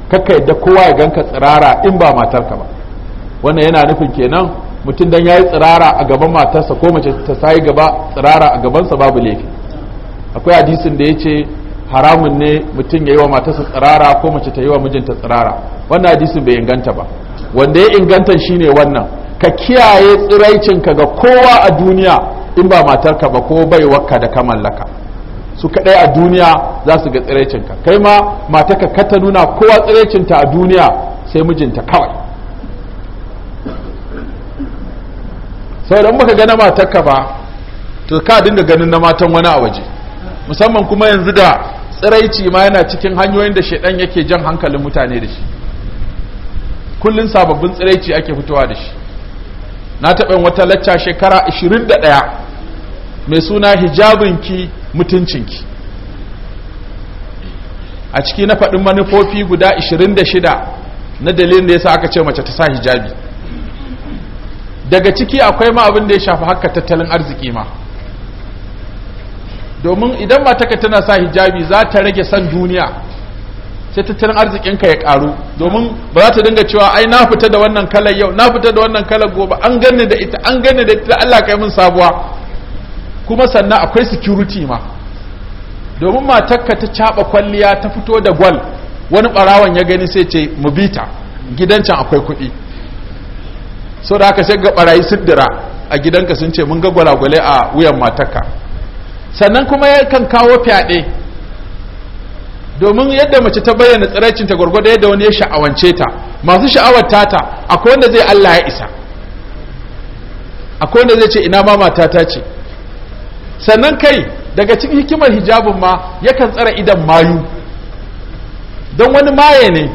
[SPEAKER 1] kakka yadda kowa ya ganka tsirara in ba matarka ba wannan yana nufin kenan mutum dan yayi tsirara a gaban matarsa ko mace ta sayi gaba tsirara a gabansa babu laifi akwai hadisin da ya ce haramun ne mutum ya yi wa matarsa tsirara ko mace ta yi wa mijinta tsirara wannan hadisin bai inganta ba wanda ya inganta shine wannan ka kiyaye tsiraicinka ga kowa a duniya in ba matarka ba ko bai baiwarka da ka mallaka su kaɗai a duniya za su ga tsiraicinka kai ma matarka ka ta nuna kowa tsiraicinta a duniya sai mijinta kawai sauran in baka ga na matarka ba to ka dinga ganin na matan wani a waje musamman kuma yanzu da tsiraici ma yana cikin hanyoyin da shaidan yake jan hankalin mutane da shi kullun sababbin tsiraici ake fitowa da shi na taɓa wata lacca shekara 21 mai suna hijabinki mutuncinki a ciki na faɗin manufofi guda 26 na dalilin da ya sa aka ce mace ta sa hijabi daga ciki akwai ma abin da ya shafi haka tattalin arziki ma domin idan mataka tana sa hijabi za ta rage san duniya sai tattalin arzikinka ya karu domin ba za ta dinga cewa ai na fita da wannan kalar yau na fita da wannan kalar gobe an ganni da ita an ganni da ita Allah kai mun sabuwa kuma sannan akwai security ma domin matarka ta caba kwalliya ta fito da gwal wani barawan ya gani sai ce mu bita gidan can akwai kuɗi so da haka sai ga barayi siddira a gidanka sun ce mun ga gwalagwale a wuyan matarka sannan kuma yakan kawo fyaɗe domin yadda mace ta bayyana ta gwargwado yadda wani ya sha'awance ta masu sha'awar tata akwai wanda zai Allah ya isa akwai wanda zai ce ina ma matata ce sannan kai daga cikin hikimar hijabin ma yakan tsara idan mayu don wani maye ne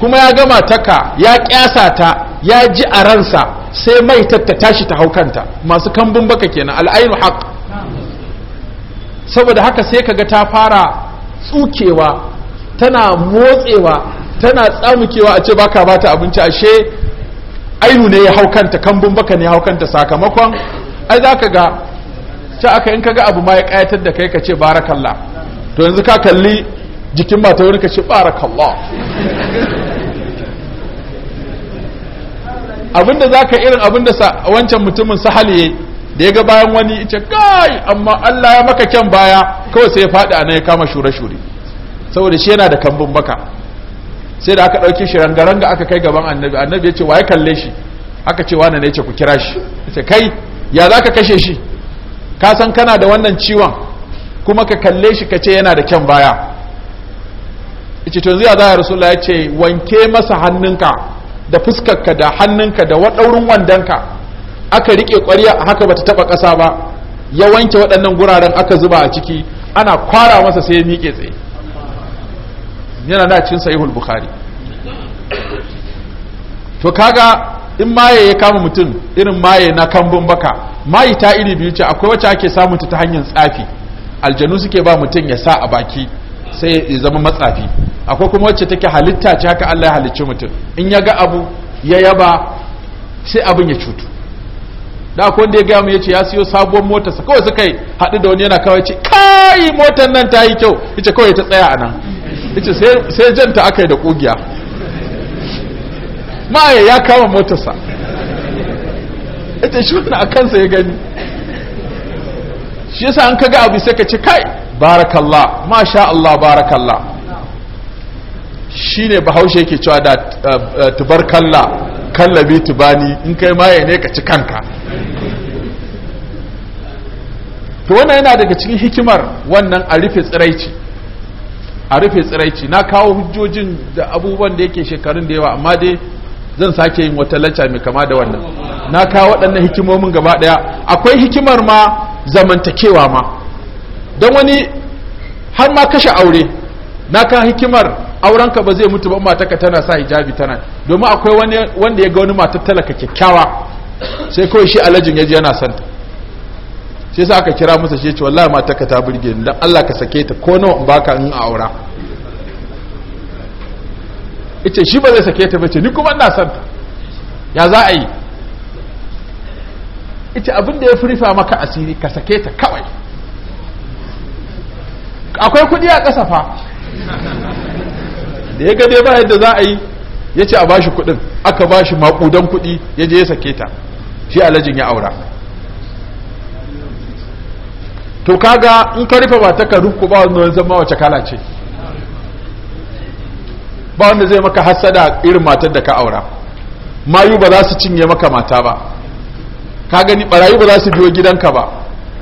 [SPEAKER 1] kuma ya gama taka ya kyasa ta ya ji a ransa sai mai ta tashi ta haukanta masu kambun baka kenan al'ainu haq saboda haka sai kaga ta fara tsukewa tana motsewa tana tsamukewa a ce baka bata abinci ashe ainu ne ya hau kanta kambun baka ne ya hau kanta sakamakon ai za ka ga ta aka in kaga abu ma ya kayatar da kai ka ce barakallah to yanzu ka kalli jikin mata wurin ka ce barakallah abinda za ka irin abinda wancan mutumin sahali da ya ga bayan wani ita kai amma Allah ya maka kyan baya kawai sai ya faɗi a ya kama shure-shure saboda shi yana da kambun baka sai da aka ɗauki shi rangaranga aka kai gaban annabi annabi ya ce wa ya kalle shi aka ce wane ne ya ce ku kira shi ya kai ya za ka kashe shi ka san kana da wannan ciwon kuma ka kalle shi ka ce yana da kyan baya ce to yanzu ya za a rasulullah ya ce wanke masa hannunka da fuskarka da hannunka da waɗaurin wandonka aka rike kwarya haka bata taba ƙasa ba ya wanke waɗannan guraren aka zuba a ciki ana kwara masa sai ya miƙe tsaye yana na cin sahihul bukhari to kaga in maye ya kama mutum irin maye na kambun baka mayi ta iri biyu ce akwai wacce ake samun ta hanyar tsafi aljanu suke ba mutum ya sa a baki sai ya zama matsafi akwai kuma wacce take halitta ce haka Allah ya halicci mutum in ya ga abu ya yaba sai abin ya cutu da kun wanda ya gaya mu ya ya siyo sabuwar motar sa kawai suka yi haɗu da wani yana kawai ce kai motar nan ta yi kyau yace kawai ta tsaya a nan yace sai janta aka yi da kugiya ma'aya ya kama sa ita shi wani a kansa ya gani shi yasa an kaga abu sai ka ce kai barakallah masha Allah barakallah shine bahaushe yake cewa da eh, eh, tubarkalla kallabi bani in kai maye ne ka ci kanka to wannan yana daga cikin hikimar wannan a rufe tsiraici a rufe tsiraici na kawo hujjojin da abubuwan da yake shekarun da yawa amma dai zan sake yin wata lacca mai kama da wannan na kawo waɗannan hikimomin gaba ɗaya akwai hikimar ma zamantakewa ma don wani har ma kashe aure na kan hikimar aurenka ba zai mutu ba mataka tana sa hijabi tana domin akwai wani wanda ya ga wani matar talaka kyakkyawa sai kawai shi alajin ya ji yana ta sai sa aka kira masa shi ce wallahi mataka ta burge ni dan Allah ka sake ta ko nawa in baka in aura ita shi ba zai sake ta bace ni kuma ina ta ya za a yi ita abin da ya furifa maka asiri ka sake ta kawai akwai kudi a ƙasa fa da ya ga ba yadda za a yi ya ce a bashi kuɗin aka bashi makudan kuɗi ya je ya sake ta shi alajin ya aura to kaga in ka rufe ta ka rufe ba wanda zama wace kala ce ba wanda zai maka hassada irin matar da ka aura mayu ba za su cinye maka mata ba ka gani barayi ba za su biyo gidanka ba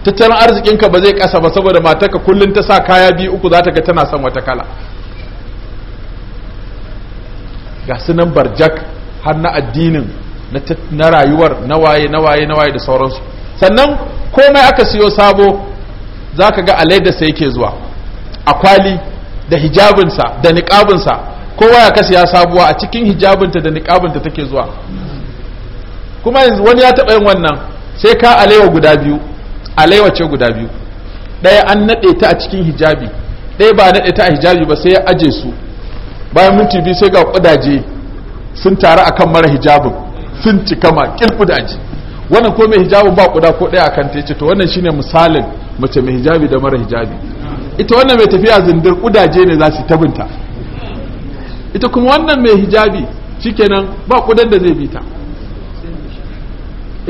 [SPEAKER 1] tattalin arzikinka ba zai kasa ba saboda matarka kullum ta sa kaya biyu uku za ta ga tana son wata kala ga sunan barjak har na addinin na rayuwar na waye na waye na waye da sauransu sannan komai aka siyo sabo za ka ga alayyar sa yake zuwa a kwali da hijabinsa da niƙabinsa kowa ya kasi ya sabuwa a cikin hijabinta da niƙabinta take zuwa kuma yanzu wani ya taɓa yin wannan sai ka alewa guda biyu alewa guda biyu ɗaya an naɗe ta a cikin hijabi ɗaya ba naɗe ta a hijabi ba sai ya aje su bayan minti biyu sai ga kudaje sun taru akan mara hijabin sun cika ma kil kudaje wannan ko mai hijabin ba kuda ko daya akan ta ce to wannan shine misalin mace mai hijabi da mara hijabi ita wannan mai tafiya zindir kudaje ne za su tabinta ita kuma wannan mai hijabi shikenan ba kudan da zai bi ta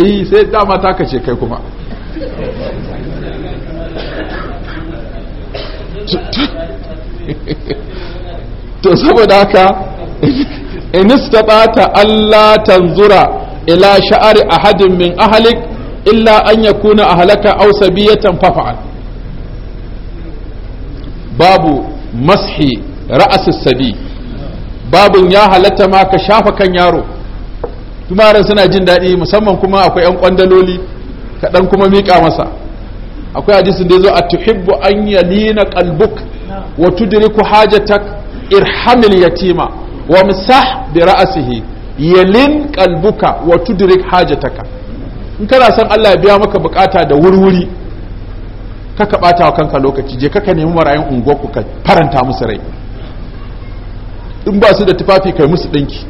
[SPEAKER 1] eh sai dama ta kace kai kuma to saboda haka inista bata Allah tanzura ila sha'ari ahadin min ahalik illa an yakuna ahlaka aw sabiyatan fafa'al babu mashi ra'asus sabi babun ya halatta ma ka shafa kan yaro tumaran suna jin daɗi musamman kuma akwai 'yan kwandaloli kaɗan kuma miƙa masa akwai hadisin da ya zo a tuhibbu an yalina ƙalbuk wa tudriku hajatak irhamil yatima wa misah bi ra'asihi yalin qalbuka wa tudrik hajataka in kana san Allah ya biya maka bukata da wurwuri kaka bata wa kanka lokaci je kaka nemi marayun ku ka faranta musu rai in ba su da tufafi kai musu dinki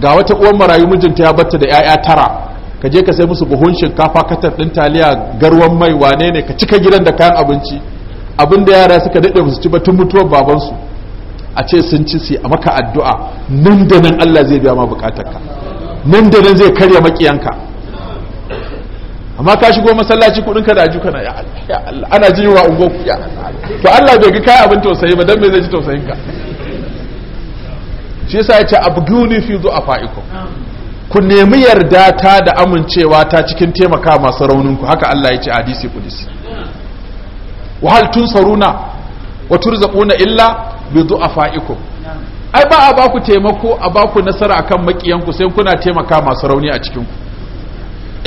[SPEAKER 1] ga wata uwan marayu mijinta ya batta da 'ya'ya tara ka je ka sai musu buhun shinkafa katar ɗin taliya garwan mai wane ne ka cika gidan da kayan abinci abin da yara suka daɗe musu ci ba tun mutuwar babansu a ce sun ci su a maka addu'a nan da nan Allah zai biya ma bukatarka nan da nan zai karya makiyanka amma ka shigo masallaci kudin ka da ajuka na ya Allah ana ji wa ungo ya to Allah bai ga kai abin tausayi ba dan me zai ji tausayin ka shi yasa yace abguni fi du'afaikum ku nemi yarda ta da amincewa ta cikin taimaka masu rauninku haka Allah ya ce hadisi kudisi wahal tunsaruna wa turzaquna illa bi du'afaikum ai ba a baku taimako a baku nasara akan makiyanku sai kuna taimaka masu rauni a cikin ku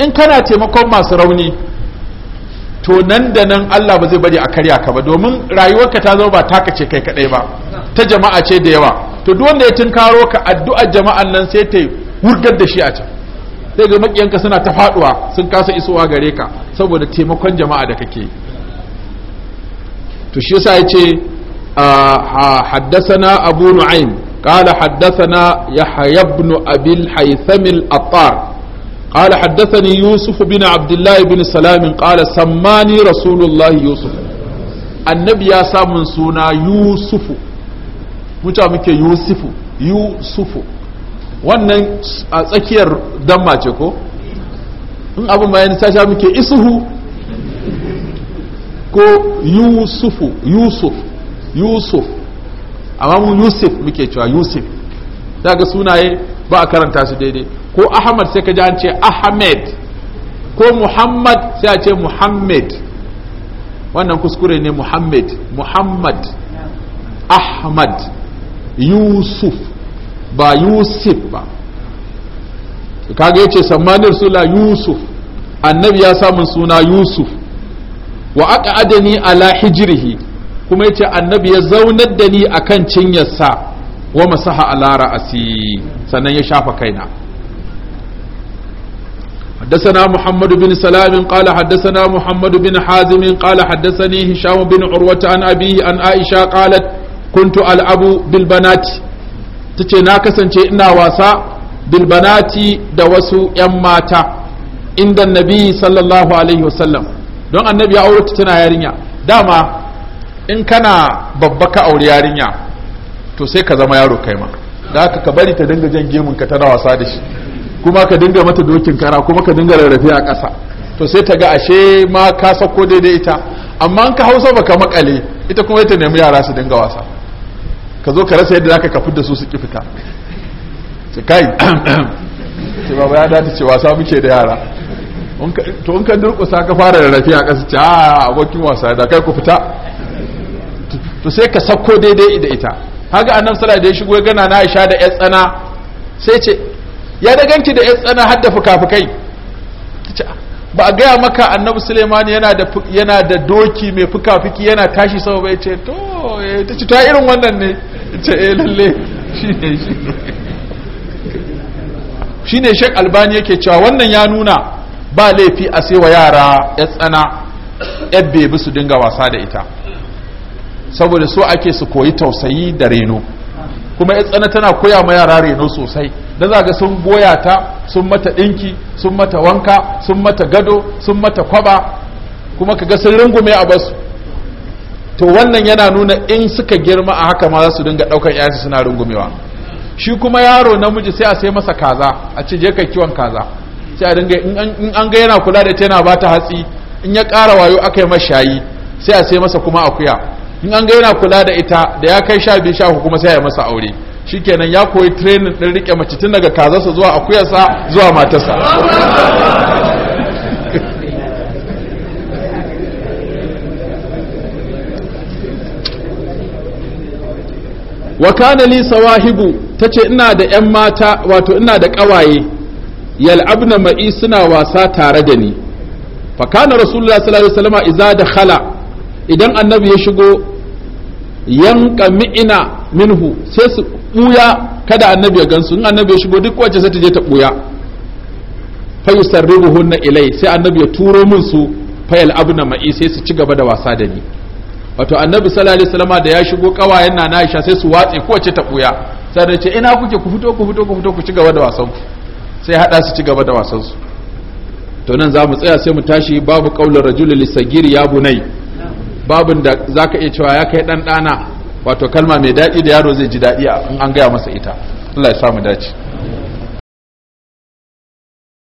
[SPEAKER 1] in kana taimakon masu rauni to nan da nan Allah ba zai bari a karya ka ba domin rayuwarka ta zama ba taka ce kai kadai ba ta jama'a ce da yawa to duk wanda ya tinkaro ka addu'ar jama'an nan sai ta wurgar da shi a can sai ga makiyanka suna ta faduwa sun kasa isowa gare ka saboda taimakon jama'a da kake to shi yasa yace حدثنا أبو نعيم قال حدثنا يحيى بن أبي الحيثم الأطار قال حدثني يوسف بن عبد الله بن سلام قال سماني رسول الله يوسف النبي يا سامن سونا يوسف muta muke yusufu yusufu wannan a tsakiyar damma ce ko in abin bayan sasha muke isuhu ko yusufu yusuf yusuf amma mu yusuf muke cewa yusuf za ga sunaye ba a karanta su daidai ko ahmad sai ka ji an ce ahmed ko muhammad sai a ce muhammad wannan kuskure ne muhammad muhammad ahmad yusuf ba yusuf ba kaga yace sammanin sula yusuf annabi ya samun suna yusuf wa aka adani ala hijirihi kuma yace annabi ya zaunar da ni akan cinyarsa wa masaha ala ra'asi sannan ya shafa kaina حدثنا محمد بن سلام قال حدثنا محمد بن حازم قال حدثني هشام بن عروة عن أبيه عن عائشة قالت كنت ألعب بالبنات تتي ناكسا إنا واسا بالبنات دوسو يماتا عند النبي صلى الله عليه وسلم don annabi ya aure tana yarinya dama in kana babba ka aure yarinya to sai ka zama yaro kai ma da haka ka bari ta dinga jan gemun ka tana wasa da shi kuma ka dinga mata dokin kara kuma ka dinga rarrafe a ƙasa to sai ta ga ashe ma ka sako daidai ita amma in ka hausa baka makale ita kuma ita nemi yara su dinga wasa ka zo ka rasa yadda zaka ka da su su ki fita ce kai ce baba ya dace ce wasa muke da yara to in ka durƙusa ka fara rarrafe a ƙasa ce a abokin wasa da kai ku fita to sai ka sako daidai da ita haka annabi sallallahu da ya shigo gana na Aisha da ƴar tsana sai ce ya da ganki da ƴar tsana har da fukafukai ba a gaya maka annabi Suleiman yana da yana da doki mai fukafuki yana tashi sama bai ce to eh. ta ci ta irin wannan ne ce eh lalle shine shine Sheikh Albani yake cewa wannan ya nuna ba laifi a sai wa yara ƴar tsana ƴar bebi su dinga wasa da ita saboda so ake su koyi tausayi da reno kuma ya tsana tana koya ma yara reno sosai da za ga sun goya ta sun mata ɗinki sun mata wanka sun mata gado sun mata kwaba kuma ka ga sun rungume a basu to wannan yana nuna in suka girma a haka ma za su dinga ɗaukar yayansu suna rungumewa shi kuma yaro namiji sai a sai masa kaza a ce je kai kiwon kaza sai a dinga in an ga yana kula da ta yana ba ta hatsi in ya ƙara wayo aka yi mashayi sai a sai masa kuma akuya in an ga yana kula da ita da ya kai sha biyu sha kuma sai ya masa aure shikenan ya koyi training din rike mace tun daga kazarsa zuwa akuyarsa zuwa matarsa wa kana li sawahibu tace ina da yan mata wato ina da kawaye yal'abna ma'i suna wasa tare da ni fa kana rasulullahi sallallahu alaihi wasallam idza dakhala idan annabi ya shigo yanka mi'ina minhu sai su buya kada annabi ya gansu in annabi ya shigo duk wacce sai ta je ta buya fa yusarriruhunna ilai sai annabi ya turo min su fayal abuna ma'i sai su ci gaba da wasa da ni wato annabi sallallahu alaihi wasallam da ya shigo kawayen na Aisha sai su watse kowace ta buya sai da ce ina kuke ku fito ku fito ku fito ku ci gaba da wasan ku sai hada su ci gaba da wasan su to nan za mu tsaya sai mu tashi babu qaulur rajul lisagiri ya bunai babin da za ka iya cewa ya kai ɗan ɗana wato kalma mai daɗi da yaro zai ji daɗi in an gaya masa ita Allah ya samu dace